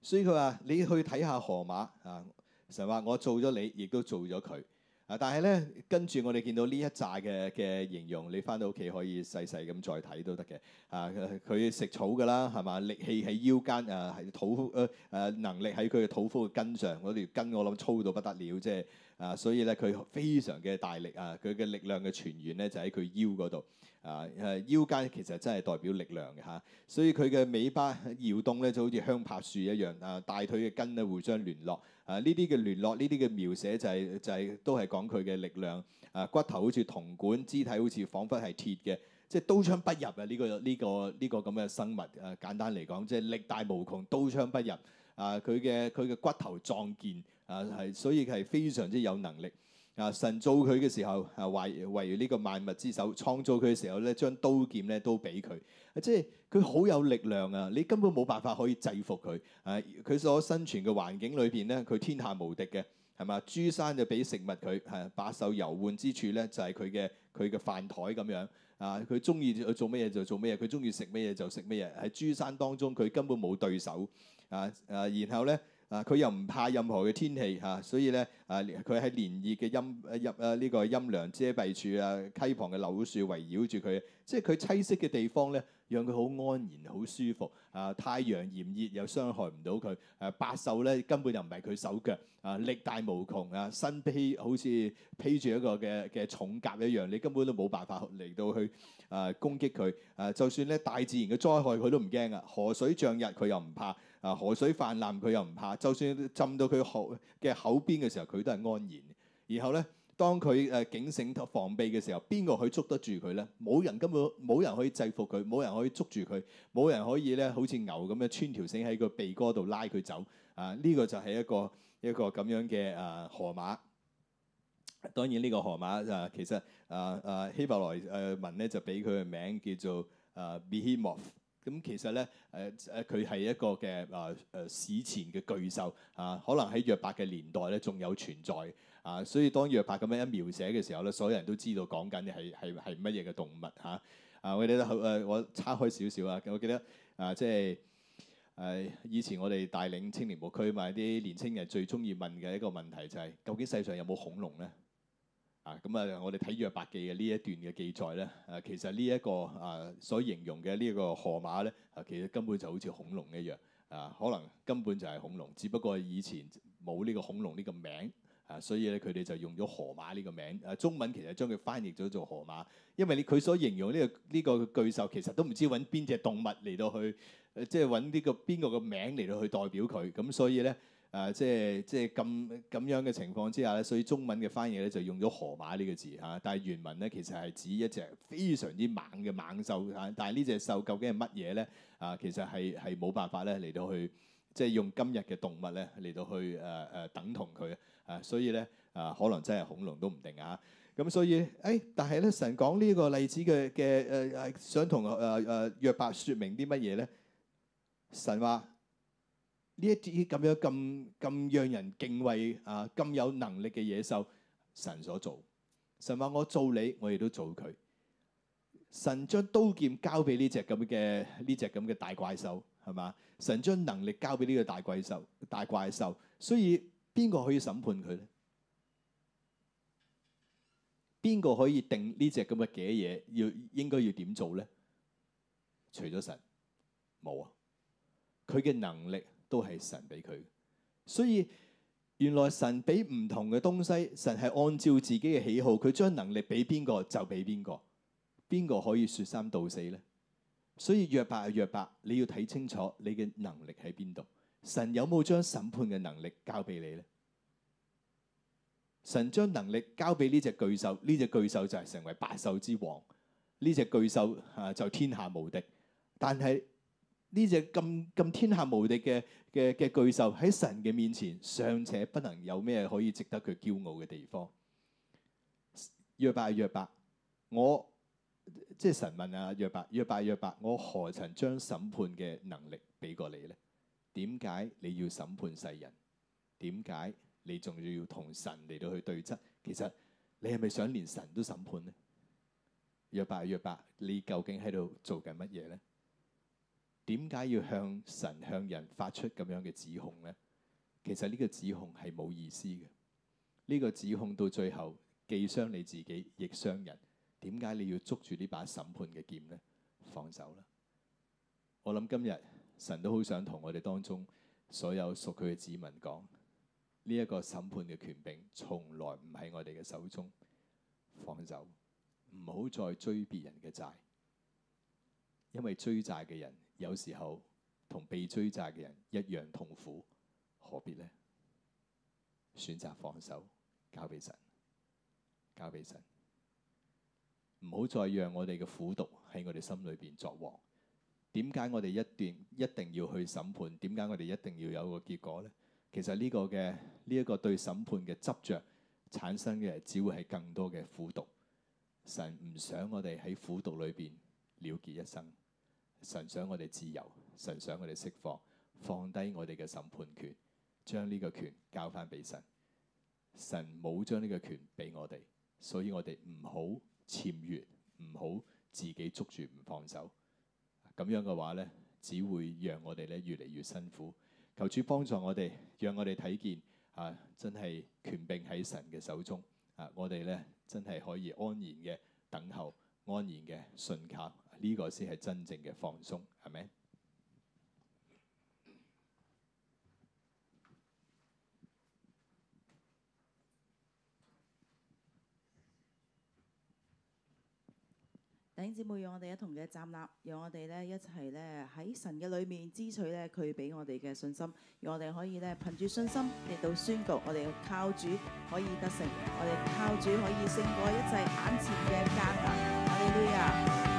所以佢話：你去睇下河馬啊，神話我做咗你，亦都做咗佢。但係咧，跟住我哋見到呢一紮嘅嘅形容，你翻到屋企可以細細咁再睇都得嘅。啊，佢食草噶啦，係嘛？力氣喺腰間，誒、啊、係土誒誒、呃、能力喺佢嘅肚腹嘅根上。嗰條根我諗粗到不得了，即係啊，所以咧佢非常嘅大力啊！佢嘅力量嘅泉源咧就喺佢腰嗰度啊。誒腰間其實真係代表力量嘅嚇、啊。所以佢嘅尾巴搖動咧就好似香柏樹一樣。誒、啊、大腿嘅根咧互相聯絡。啊！呢啲嘅聯絡，呢啲嘅描寫就係就係都係講佢嘅力量。啊，骨頭好似銅管，肢體好似彷彿係鐵嘅，即係刀槍不入嘅呢個呢個呢個咁嘅生物。啊，簡單嚟講，即係力大無窮，刀槍不入。啊，佢嘅佢嘅骨頭壯健啊，係所以係非常之有能力。啊！神造佢嘅時候，啊，為為呢個萬物之首創造佢嘅時候咧，將刀劍咧都俾佢、啊，即係佢好有力量啊！你根本冇辦法可以制服佢啊！佢所生存嘅環境裏邊咧，佢天下無敵嘅，係嘛？諸山就俾食物佢，係百獸遊玩之處咧，就係佢嘅佢嘅飯枱咁樣啊！佢中意做做咩嘢就做咩嘢，佢中意食咩嘢就食咩嘢。喺諸山當中，佢根本冇對手啊！誒、啊啊，然後咧。啊！佢又唔怕任何嘅天氣嚇，所以咧啊，佢喺蓮葉嘅陰啊陰啊呢個陰涼遮蔽處啊溪旁嘅柳樹圍繞住佢，即係佢棲息嘅地方咧，讓佢好安然、好舒服啊！太陽炎熱又傷害唔到佢，誒百獸咧根本就唔係佢手腳啊，力大無窮啊，身披好似披住一個嘅嘅重甲一樣，你根本都冇辦法嚟到去啊攻擊佢啊！就算咧大自然嘅災害佢都唔驚噶，河水漲日佢又唔怕。啊！河水泛濫，佢又唔怕；就算浸到佢口嘅口邊嘅時候，佢都係安然。然後咧，當佢誒警醒、防備嘅時候，邊個可以捉得住佢咧？冇人根本冇人可以制服佢，冇人可以捉住佢，冇人可以咧好似牛咁樣穿條繩喺個鼻哥度拉佢走。啊！呢、這個就係一個一個咁樣嘅啊河馬。當然呢個河馬就、啊、其實啊啊希伯來誒文咧就俾佢嘅名叫做啊 Behemoth。Beh 咁其實咧，誒誒佢係一個嘅誒誒史前嘅巨獸啊，可能喺約伯嘅年代咧仲有存在啊，所以當約伯咁樣一描寫嘅時候咧，所有人都知道講緊係係係乜嘢嘅動物嚇啊，啊！我哋咧，誒、啊、我叉開少少啊，我記得啊，即係誒以前我哋帶領青年牧區嘛，啲年青人最中意問嘅一個問題就係、是、究竟世上有冇恐龍咧？啊，咁啊，我哋睇《約伯記》嘅呢一段嘅記載咧，啊，其實呢一個啊，所形容嘅呢一個河馬咧，啊，其實根本就好似恐龍一樣，啊，可能根本就係恐龍，只不過以前冇呢個恐龍呢個名，啊，所以咧佢哋就用咗河馬呢個名，啊，中文其實將佢翻譯咗做河馬，因為你佢所形容呢個呢個巨獸，其實都唔知揾邊隻動物嚟到去，即係揾呢個邊個嘅名嚟到去代表佢，咁所以咧。啊，即係即係咁咁樣嘅情況之下咧，所以中文嘅翻譯咧就用咗河馬呢個字嚇，但係原文咧其實係指一隻非常之猛嘅猛獸嚇，但係呢隻獸究竟係乜嘢咧？啊，其實係係冇辦法咧嚟到去即係用今日嘅動物咧嚟到去誒誒、呃呃、等同佢、呃、啊，所以咧啊，可能真係恐龍都唔定嚇。咁所以誒，但係咧神講呢個例子嘅嘅誒誒，想同誒誒約伯説明啲乜嘢咧？神話。呢一啲咁樣咁咁讓人敬畏啊，咁有能力嘅野獸，神所做。神話我做你，我亦都做佢。神將刀劍交俾呢隻咁嘅呢隻咁嘅大怪獸，係嘛？神將能力交俾呢個大怪獸大怪獸，所以邊個可以審判佢咧？邊個可以定呢隻咁嘅嘅嘢要應該要點做咧？除咗神冇啊，佢嘅能力。都係神俾佢，所以原來神俾唔同嘅東西，神係按照自己嘅喜好，佢將能力俾邊個就俾邊個，邊個可以說三道四咧？所以約伯係約伯，你要睇清楚你嘅能力喺邊度，神有冇將審判嘅能力交俾你咧？神將能力交俾呢隻巨獸，呢隻巨獸就係成為百獸之王，呢隻巨獸啊就天下無敵，但係。呢隻咁咁天下無敵嘅嘅嘅巨獸喺神嘅面前尚且不能有咩可以值得佢驕傲嘅地方。約伯約伯，我即係神問啊約伯約伯約伯，我何曾將審判嘅能力俾過你咧？點解你要審判世人？點解你仲要同神嚟到去對質？其實你係咪想連神都審判呢？約伯約伯，你究竟喺度做緊乜嘢咧？點解要向神、向人發出咁樣嘅指控呢？其實呢個指控係冇意思嘅，呢個指控到最後既傷你自己亦傷人。點解你要捉住呢把審判嘅劍呢？放手啦！我諗今日神都好想同我哋當中所有屬佢嘅子民講：呢一個審判嘅權柄從來唔喺我哋嘅手中，放手，唔好再追別人嘅債，因為追債嘅人，有時候同被追責嘅人一樣痛苦，何必呢？選擇放手，交俾神，交俾神，唔好再讓我哋嘅苦毒喺我哋心裏邊作王。點解我哋一段一定要去審判？點解我哋一定要有個結果呢？其實呢個嘅呢一個對審判嘅執着產生嘅，只會係更多嘅苦毒。神唔想我哋喺苦毒裏邊了結一生。神想我哋自由，神想我哋釋放，放低我哋嘅審判權，將呢個權交翻俾神。神冇將呢個權俾我哋，所以我哋唔好僭越，唔好自己捉住唔放手。咁樣嘅話呢，只會讓我哋咧越嚟越辛苦。求主幫助我哋，讓我哋睇見啊，真係權柄喺神嘅手中啊，我哋咧真係可以安然嘅等候，安然嘅信靠。呢個先係真正嘅放鬆，係咪？弟兄姊妹，讓我哋一同嘅站立，讓我哋呢一齊呢喺神嘅裏面，支取呢佢俾我哋嘅信心，讓我哋可以呢憑住信心嚟到宣告：我哋靠主可以得勝，我哋靠主可以勝過一切眼前嘅艱難。阿利路亞！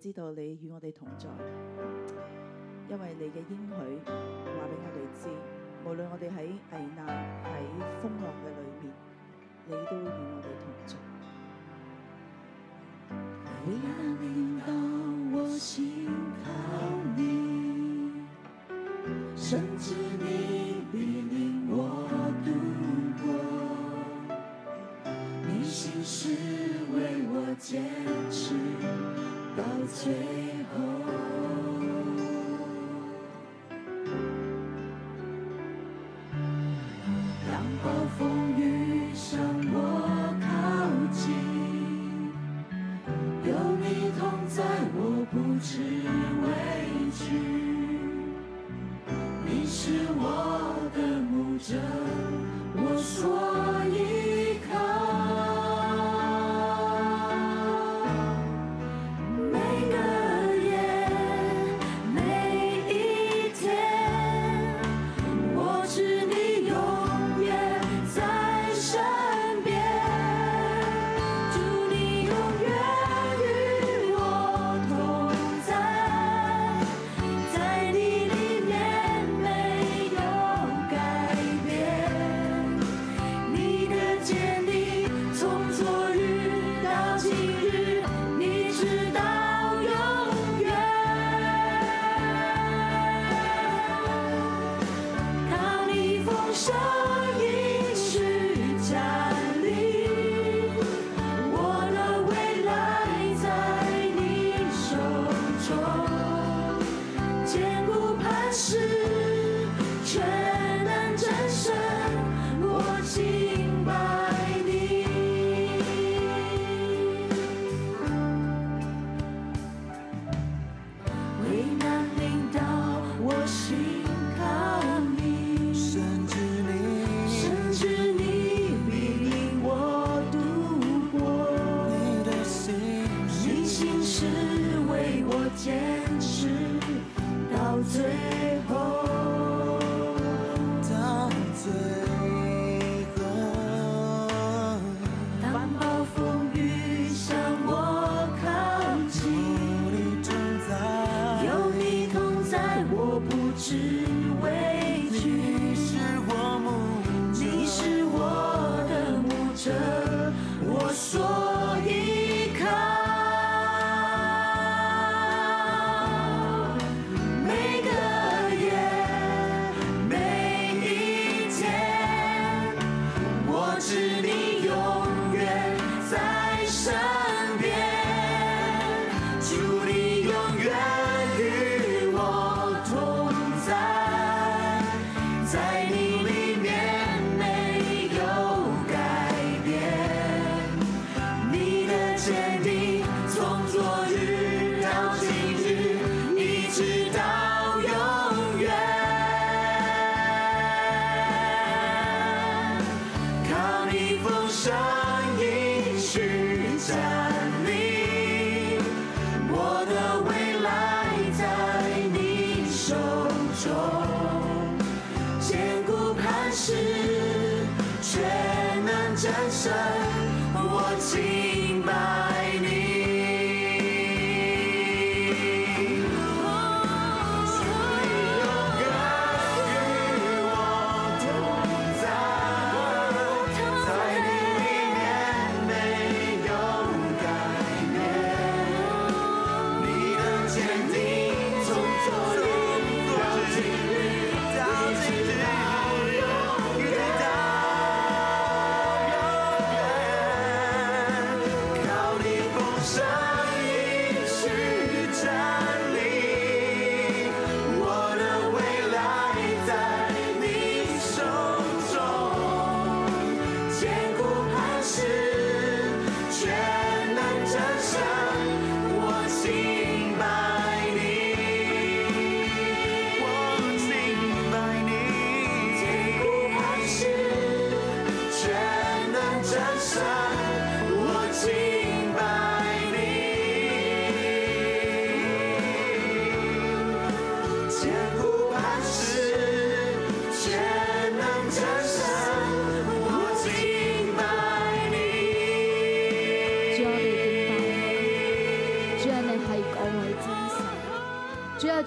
知道你與我哋同在，因為你嘅應許話俾我哋知，無論我哋喺危難，喺風浪嘅裏面，你都會與我哋同在。每當你令我心疼，你，甚至你引領我度過逆境時為我堅持。到最後。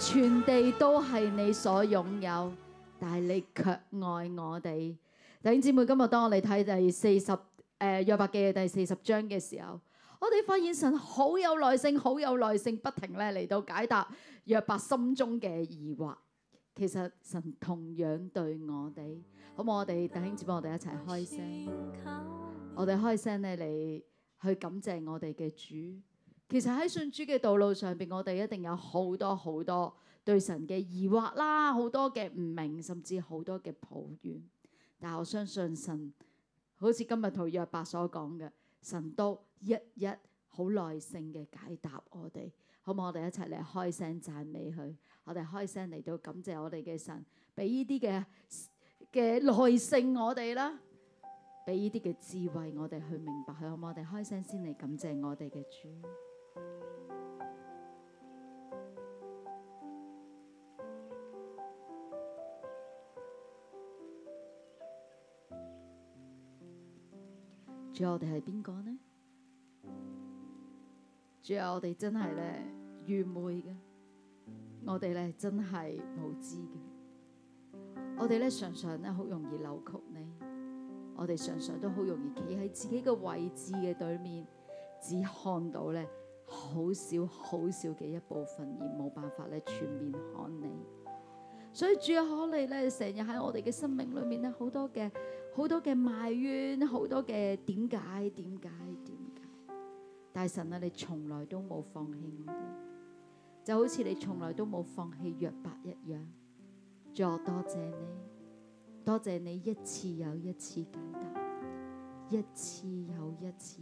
全地都係你所擁有，但係你卻愛我哋，弟兄姊妹。今日當我哋睇第四十誒約伯記嘅第四十章嘅時候，我哋發現神好有耐性，好有耐性，不停咧嚟到解答約伯心中嘅疑惑。其實神同樣對我哋，好冇我哋弟兄姊妹，我哋一齊開聲，我哋開聲咧嚟去感謝我哋嘅主。其實喺信主嘅道路上邊，我哋一定有好多好多對神嘅疑惑啦，好多嘅唔明，甚至好多嘅抱怨。但我相信神好似今日同約伯所講嘅，神都一一好耐性嘅解答我哋。好唔好？我哋一齊嚟開聲讚美佢。我哋開聲嚟到感謝我哋嘅神，俾呢啲嘅嘅耐性我哋啦，俾呢啲嘅智慧我哋去明白佢。好唔好？我哋開聲先嚟感謝我哋嘅主。主要我哋係邊個呢？主要我哋真係呢愚昧嘅，我哋呢真係無知嘅，我哋呢常常呢好容易扭曲你，我哋常常都好容易企喺自己嘅位置嘅對面，只看到呢。好少、好少嘅一部分，而冇辦法咧全面看你，所以主啊，可你咧成日喺我哋嘅生命裏面咧，好多嘅、好多嘅埋怨，好多嘅點解、點解、點解。大神啊，你從來都冇放棄我哋，就好似你從來都冇放棄約伯一樣。主啊，多謝你，多謝你一次又一次解答，一次又一次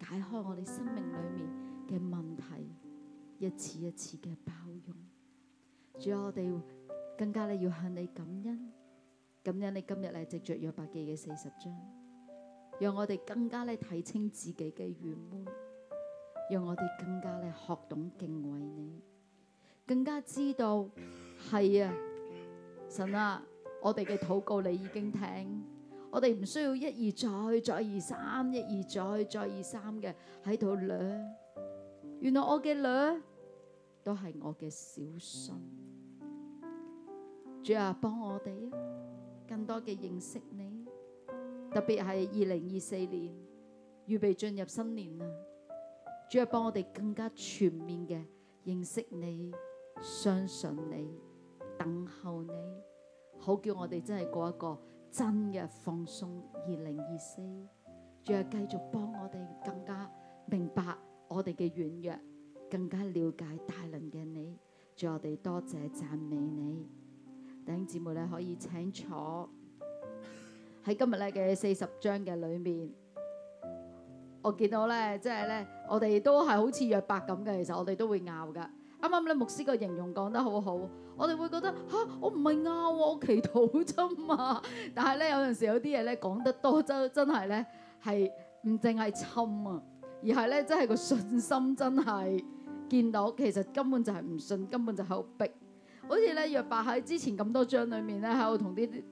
解開我哋生命裏面嘅問題一次一次嘅包容，仲有，我哋更加咧要向你感恩。感恩你今日咧藉着約伯記嘅四十章，讓我哋更加咧睇清自己嘅軟妹，讓我哋更加咧學懂敬畏你，更加知道係啊神啊！我哋嘅禱告你已經聽，我哋唔需要一而再，再而三，一而再，再而三嘅喺度兩。原來我嘅女都係我嘅小信。主啊，幫我哋更多嘅認識你，特別係二零二四年預備進入新年啊！主啊，幫我哋更加全面嘅認識你、相信你、等候你，好叫我哋真係過一個真嘅放鬆二零二四。主啊，繼續幫我哋更加明白。我哋嘅軟弱更加了解大能嘅你，祝我哋多謝讚美你，弟兄姊妹咧可以請坐。喺今日咧嘅四十章嘅裏面，我見到咧即係咧，我哋都係好似約伯咁嘅。其實我哋都會拗嘅。啱啱咧牧師個形容講得好好，我哋會覺得吓、啊，我唔係拗，我祈禱咋嘛？但係咧有陣時有啲嘢咧講得多真真係咧係唔淨係侵啊！而係咧，真係個信心真係見到，其實根本就係唔信，根本就喺度逼。好似咧，約伯喺之前咁多章裏面咧，喺度同啲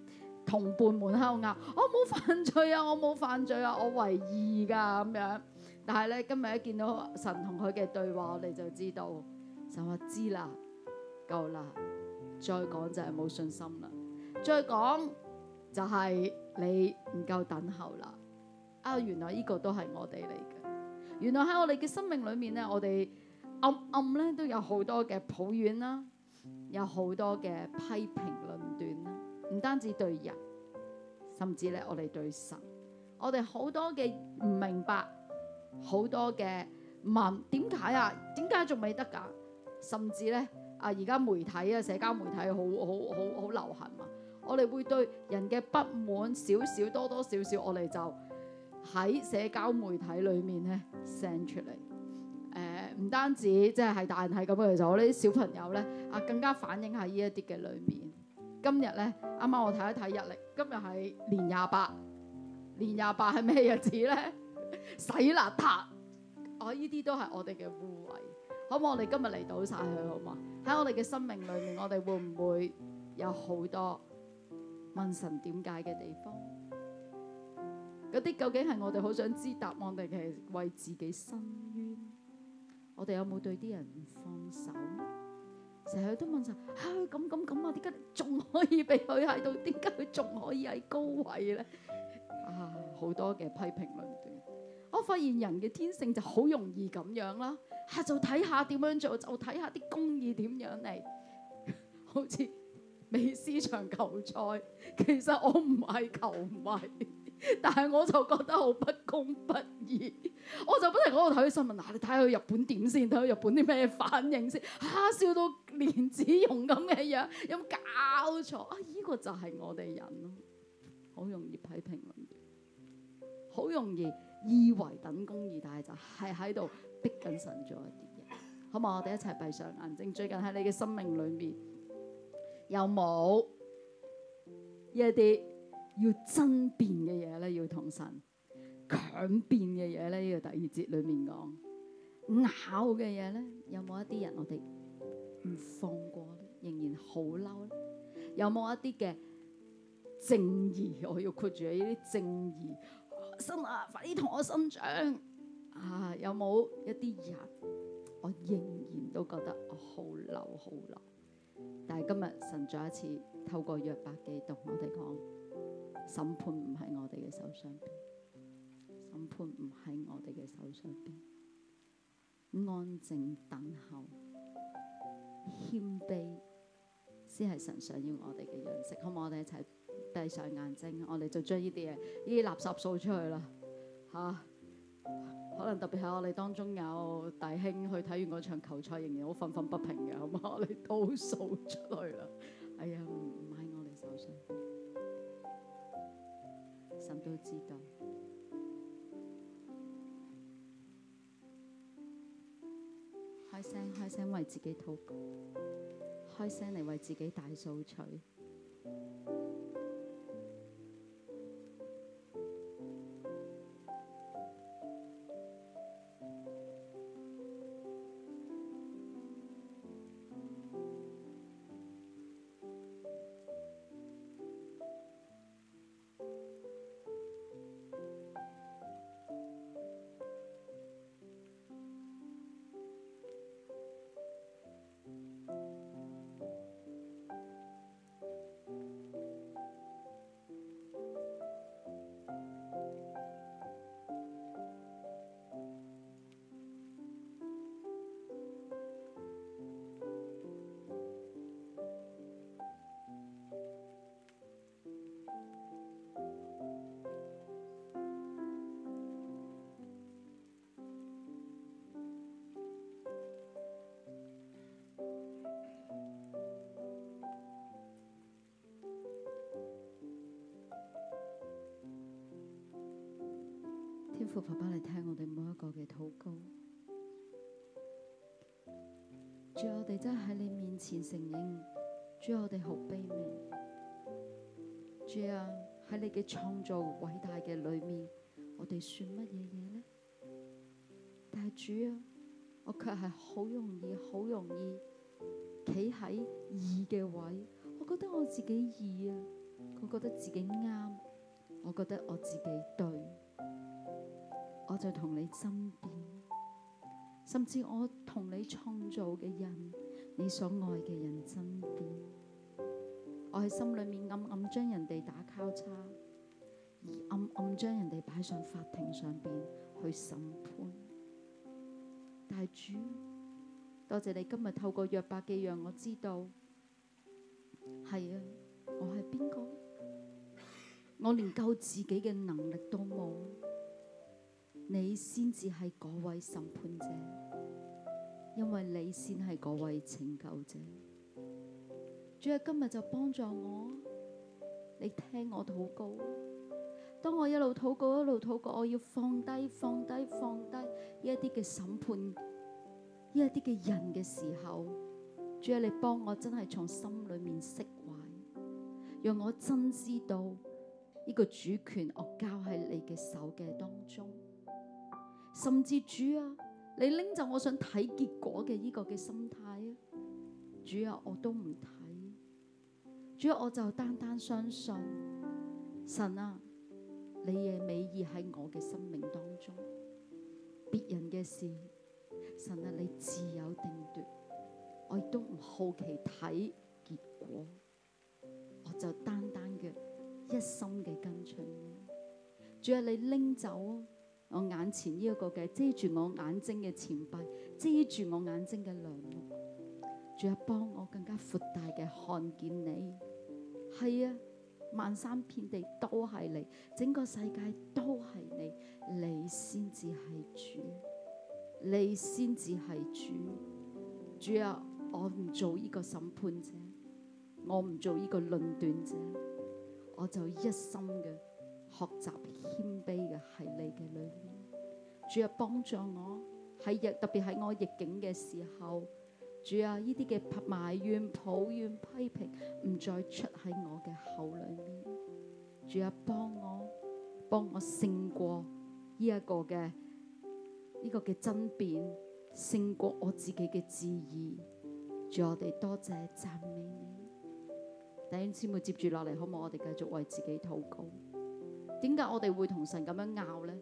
同伴們喺度嗌：我冇犯罪啊！我冇犯罪啊！我為義㗎咁樣。但係咧，今日一見到神同佢嘅對話，我哋就知道就話知啦，夠啦，再講就係冇信心啦，再講就係你唔夠等候啦。啊，原來呢個都係我哋嚟。原來喺我哋嘅生命裏面咧，我哋暗暗咧都有好多嘅抱怨啦，有好多嘅批評論斷啦，唔單止對人，甚至咧我哋對神，我哋好多嘅唔明白，好多嘅問點解啊？點解仲未得㗎？甚至咧啊，而家媒體啊、社交媒體好好好好流行啊，我哋會對人嘅不滿少少，多多少少，我哋就，喺社交媒體裏面咧 send 出嚟，誒、呃、唔單止即係大人係咁嘅，其實我啲小朋友咧啊更加反映喺呢一啲嘅裏面。今日咧啱啱我睇一睇日曆，今日係年廿八，年廿八係咩日子咧？ 洗邋遢，哦、我呢啲都係我哋嘅污穢，好冇？好，我哋今日嚟到晒佢好嘛？喺我哋嘅生命裏面，我哋會唔會有好多問神點解嘅地方？嗰啲究竟係我哋好想知答案，定係為自己伸冤？我哋有冇對啲人放手？成日都問曬嚇咁咁咁啊！點解仲可以俾佢喺度？點解佢仲可以喺高位咧？啊，好多嘅批評論斷。我發現人嘅天性就好容易咁樣啦。嚇就睇下點樣做，就睇下啲公義點樣嚟。好似美斯場球賽，其實我唔係球迷。但係我就覺得好不公不義， 我就不停喺度睇新聞，嗱、啊、你睇下日本點先，睇下日本啲咩反應先，吓笑到蓮子蓉咁嘅樣，有冇搞錯啊？呢、這個就係我哋人咯，好容易批評，好容易以為等公義，但係就係喺度逼緊神咗。一啲嘢，好嘛？我哋一齊閉上眼睛，最近喺你嘅生命裏面，有冇一啲？要爭辯嘅嘢咧，要同神強辯嘅嘢咧，呢個第二節裏面講咬嘅嘢咧，呢有冇一啲人我哋唔放過呢，仍然好嬲？有冇一啲嘅正義？我要括住呢啲正義，生啊，快啲同我生長啊！有冇一啲人我仍然都覺得我好嬲、好嬲？但係今日神再一次透過約伯記同我哋講。審判唔喺我哋嘅手上邊，審判唔喺我哋嘅手上邊，安靜等候，謙卑先係神想要我哋嘅樣式。好唔好？我哋一齊閉上眼睛，我哋就將呢啲嘢，呢啲垃圾掃出去啦。吓、啊，可能特別係我哋當中有大兄去睇完嗰場球賽，仍然好憤憤不平嘅，好唔好？我哋都掃出去啦。哎呀！都知道，開聲開聲為自己禱告，開聲嚟為自己大掃除。父爸爸嚟聽我哋每一個嘅禱告，主要我哋真喺你面前承認，主要我哋好卑微。主啊，喺你嘅創造偉大嘅裏面，我哋算乜嘢嘢呢？但係主啊，我卻係好容易、好容易企喺義嘅位。我覺得我自己義啊，我覺得自己啱，我覺得我自己對。我就同你爭辯，甚至我同你創造嘅人，你所愛嘅人爭辯，我喺心裏面暗暗將人哋打交叉，而暗暗將人哋擺上法庭上邊去審判。大主，多謝你今日透過約伯記讓我知道，係啊，我係邊個？我連救自己嘅能力都冇。你先至係嗰位審判者，因為你先係嗰位拯救者。主呀，今日就幫助我，你聽我禱告。當我一路禱告，一路禱告，我要放低、放低、放低呢一啲嘅審判，呢一啲嘅人嘅時候，主啊，你幫我真係從心裏面釋懷，讓我真知道呢個主權我交喺你嘅手嘅當中。甚至主啊，你拎走，我想睇結果嘅依個嘅心態啊，主啊，我都唔睇，主啊，我就單單相信神啊，你嘅美意喺我嘅生命當中，別人嘅事，神啊，你自有定奪，我亦都唔好奇睇結果，我就單單嘅一心嘅跟隨，主啊，你拎走。啊。我眼前呢一個嘅遮住我眼睛嘅錢幣，遮住我眼睛嘅良目，仲有幫我更加闊大嘅看見你。係啊，漫山遍地都係你，整個世界都係你，你先至係主，你先至係主。主啊，我唔做呢個審判者，我唔做呢個論斷者，我就一心嘅。學習謙卑嘅係你嘅裏面，主啊，幫助我喺逆特別喺我逆境嘅時候，主啊，呢啲嘅埋怨、抱怨、批評唔再出喺我嘅口裏面，主啊，幫我，幫我勝過呢一個嘅呢個嘅爭辯，勝過我自己嘅志意，主啊，我哋多謝讚美你。弟兄姊妹接住落嚟，可唔可以我哋繼續為自己禱告？點解我哋會同神咁樣拗呢？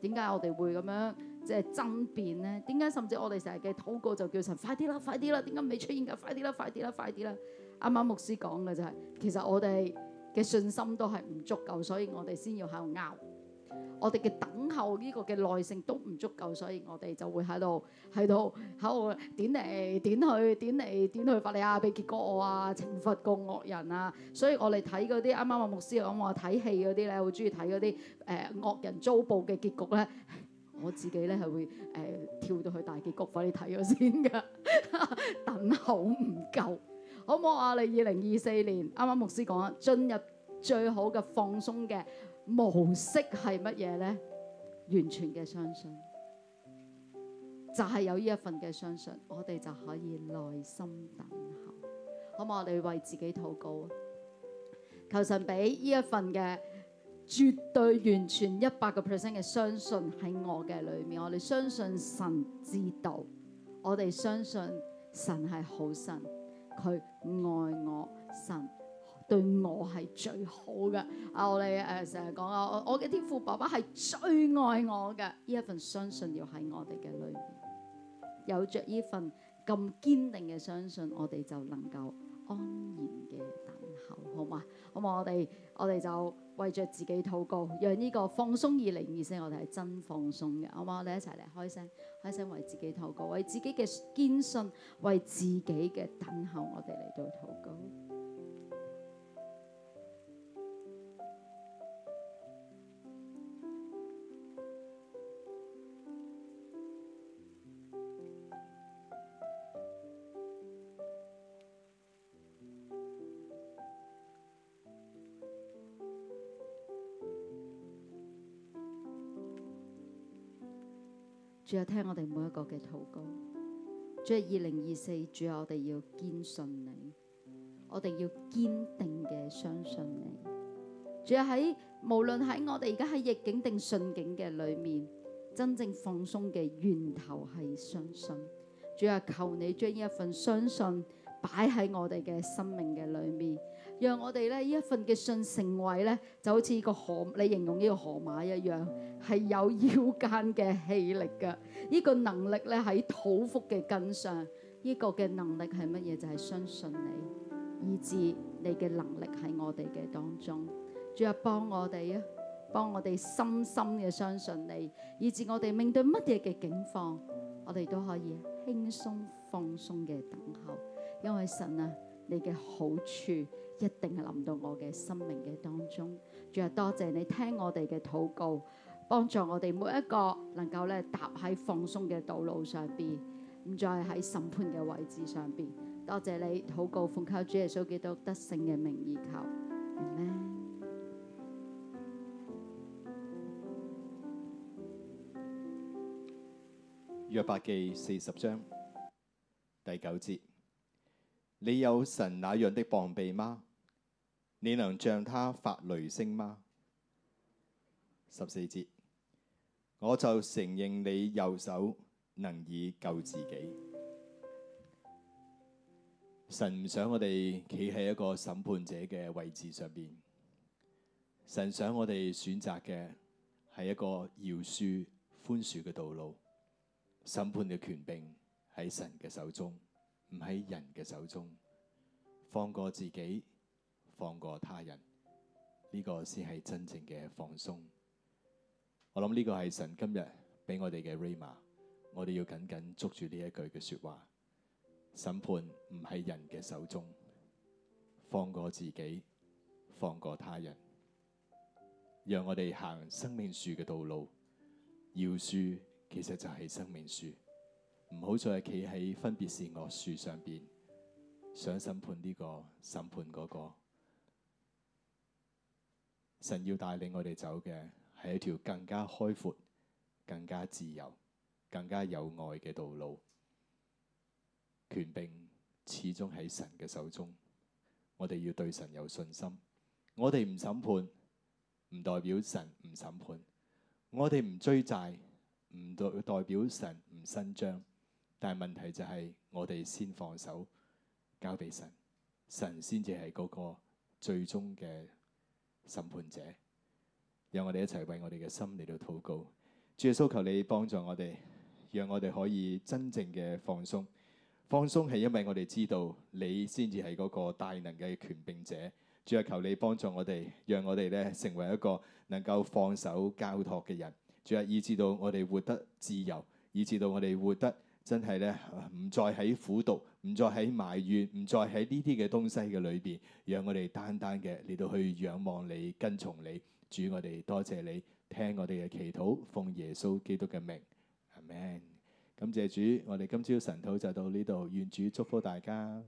點解我哋會咁樣即係爭辯呢？點解甚至我哋成日嘅禱告就叫神快啲啦，快啲啦！點解未出現㗎？快啲啦，快啲啦，快啲啦！啱啱牧師講嘅就係其實我哋嘅信心都係唔足夠，所以我哋先要喺度拗。我哋嘅等候呢個嘅耐性都唔足夠，所以我哋就會喺度喺度喺度點嚟點去點嚟點去，法利亞俾結果我啊，懲罰個惡人啊！所以我哋睇嗰啲啱啱阿牧師講話睇戲嗰啲咧，好鍾意睇嗰啲誒惡人遭報嘅結局咧。我自己咧係會誒、呃、跳到去大結局，快啲睇咗先噶， 等候唔夠，好唔好啊？你二零二四年啱啱牧師講，進入最好嘅放鬆嘅。模式係乜嘢呢？完全嘅相信就係有呢一份嘅相信，我哋就可以耐心等候。好唔好？我哋為自己禱告，求神俾呢一份嘅絕對完全一百個 percent 嘅相信喺我嘅裏面。我哋相信神知道，我哋相信神係好神，佢愛我神。對我係最好嘅，阿我哋誒成日講啊，我嘅天父爸爸係最愛我嘅，呢一份相信要喺我哋嘅裏面有着呢份咁堅定嘅相信，我哋就能夠安然嘅等候，好嘛？好嘛？我哋我哋就為着自己禱告，讓呢個放鬆二零二四，我哋係真放鬆嘅，好嘛？我哋一齊嚟開聲，開聲為自己禱告，為自己嘅堅信，為自己嘅等候，我哋嚟到禱告。聽我哋每一個嘅禱告，主啊，二零二四，主啊，我哋要堅信你，我哋要堅定嘅相信你。主啊，喺無論喺我哋而家喺逆境定順境嘅裏面，真正放鬆嘅源頭係相信。主啊，求你將呢一份相信。擺喺我哋嘅生命嘅裏面，讓我哋呢一份嘅信成為呢就好似依個河，你形容依個河馬一樣，係有腰間嘅氣力嘅。呢、呢個能力呢喺肚腹嘅筋上，呢、呢個嘅能力係乜嘢？就係、係、相信你，以至你嘅能力喺我哋嘅當中，主，要幫我哋啊，幫我哋深深嘅相信你，以至我哋面對乜嘢嘅境況，我哋都可以輕鬆放鬆嘅等候。因為神啊，你嘅好處一定係臨到我嘅生命嘅當中。仲啊，多謝你聽我哋嘅禱告，幫助我哋每一個能夠咧踏喺放鬆嘅道路上邊，唔再喺審判嘅位置上邊。多謝你禱告，奉靠主耶穌基督得勝嘅名義求。約伯記四十章第九節。你有神那樣的膀臂嗎？你能像他發雷聲嗎？十四節，我就承認你右手能以救自己。神唔想我哋企喺一個審判者嘅位置上邊，神想我哋選擇嘅係一個饒恕、寬恕嘅道路。審判嘅權柄喺神嘅手中。唔喺人嘅手中，放過自己，放過他人，呢、這個先係真正嘅放鬆。我諗呢個係神今日俾我哋嘅 Rayma，我哋要緊緊捉住呢一句嘅說話。審判唔喺人嘅手中，放過自己，放過他人，讓我哋行生命樹嘅道路。要樹其實就係生命樹。唔好再企喺分別善惡樹上邊，想審判呢個，審判嗰個。神要帶領我哋走嘅係一條更加開闊、更加自由、更加有愛嘅道路。權柄始終喺神嘅手中，我哋要對神有信心。我哋唔審判唔代表神唔審判，我哋唔追債唔代代表神唔伸張。但係問題就係，我哋先放手交俾神，神先至係嗰個最終嘅審判者。讓我哋一齊為我哋嘅心嚟到禱告。主啊，訴求你幫助我哋，讓我哋可以真正嘅放鬆。放鬆係因為我哋知道你先至係嗰個大能嘅權柄者。主啊，求你幫助我哋，讓我哋咧成為一個能夠放手交託嘅人。主啊，以至到我哋活得自由，以至到我哋活得。真係咧，唔再喺苦毒，唔再喺埋怨，唔再喺呢啲嘅東西嘅裏邊，讓我哋單單嘅嚟到去仰望你，跟從你，主，我哋多謝你，聽我哋嘅祈禱，奉耶穌基督嘅名。Amen。感謝主，我哋今朝晨禱就到呢度，願主祝福大家。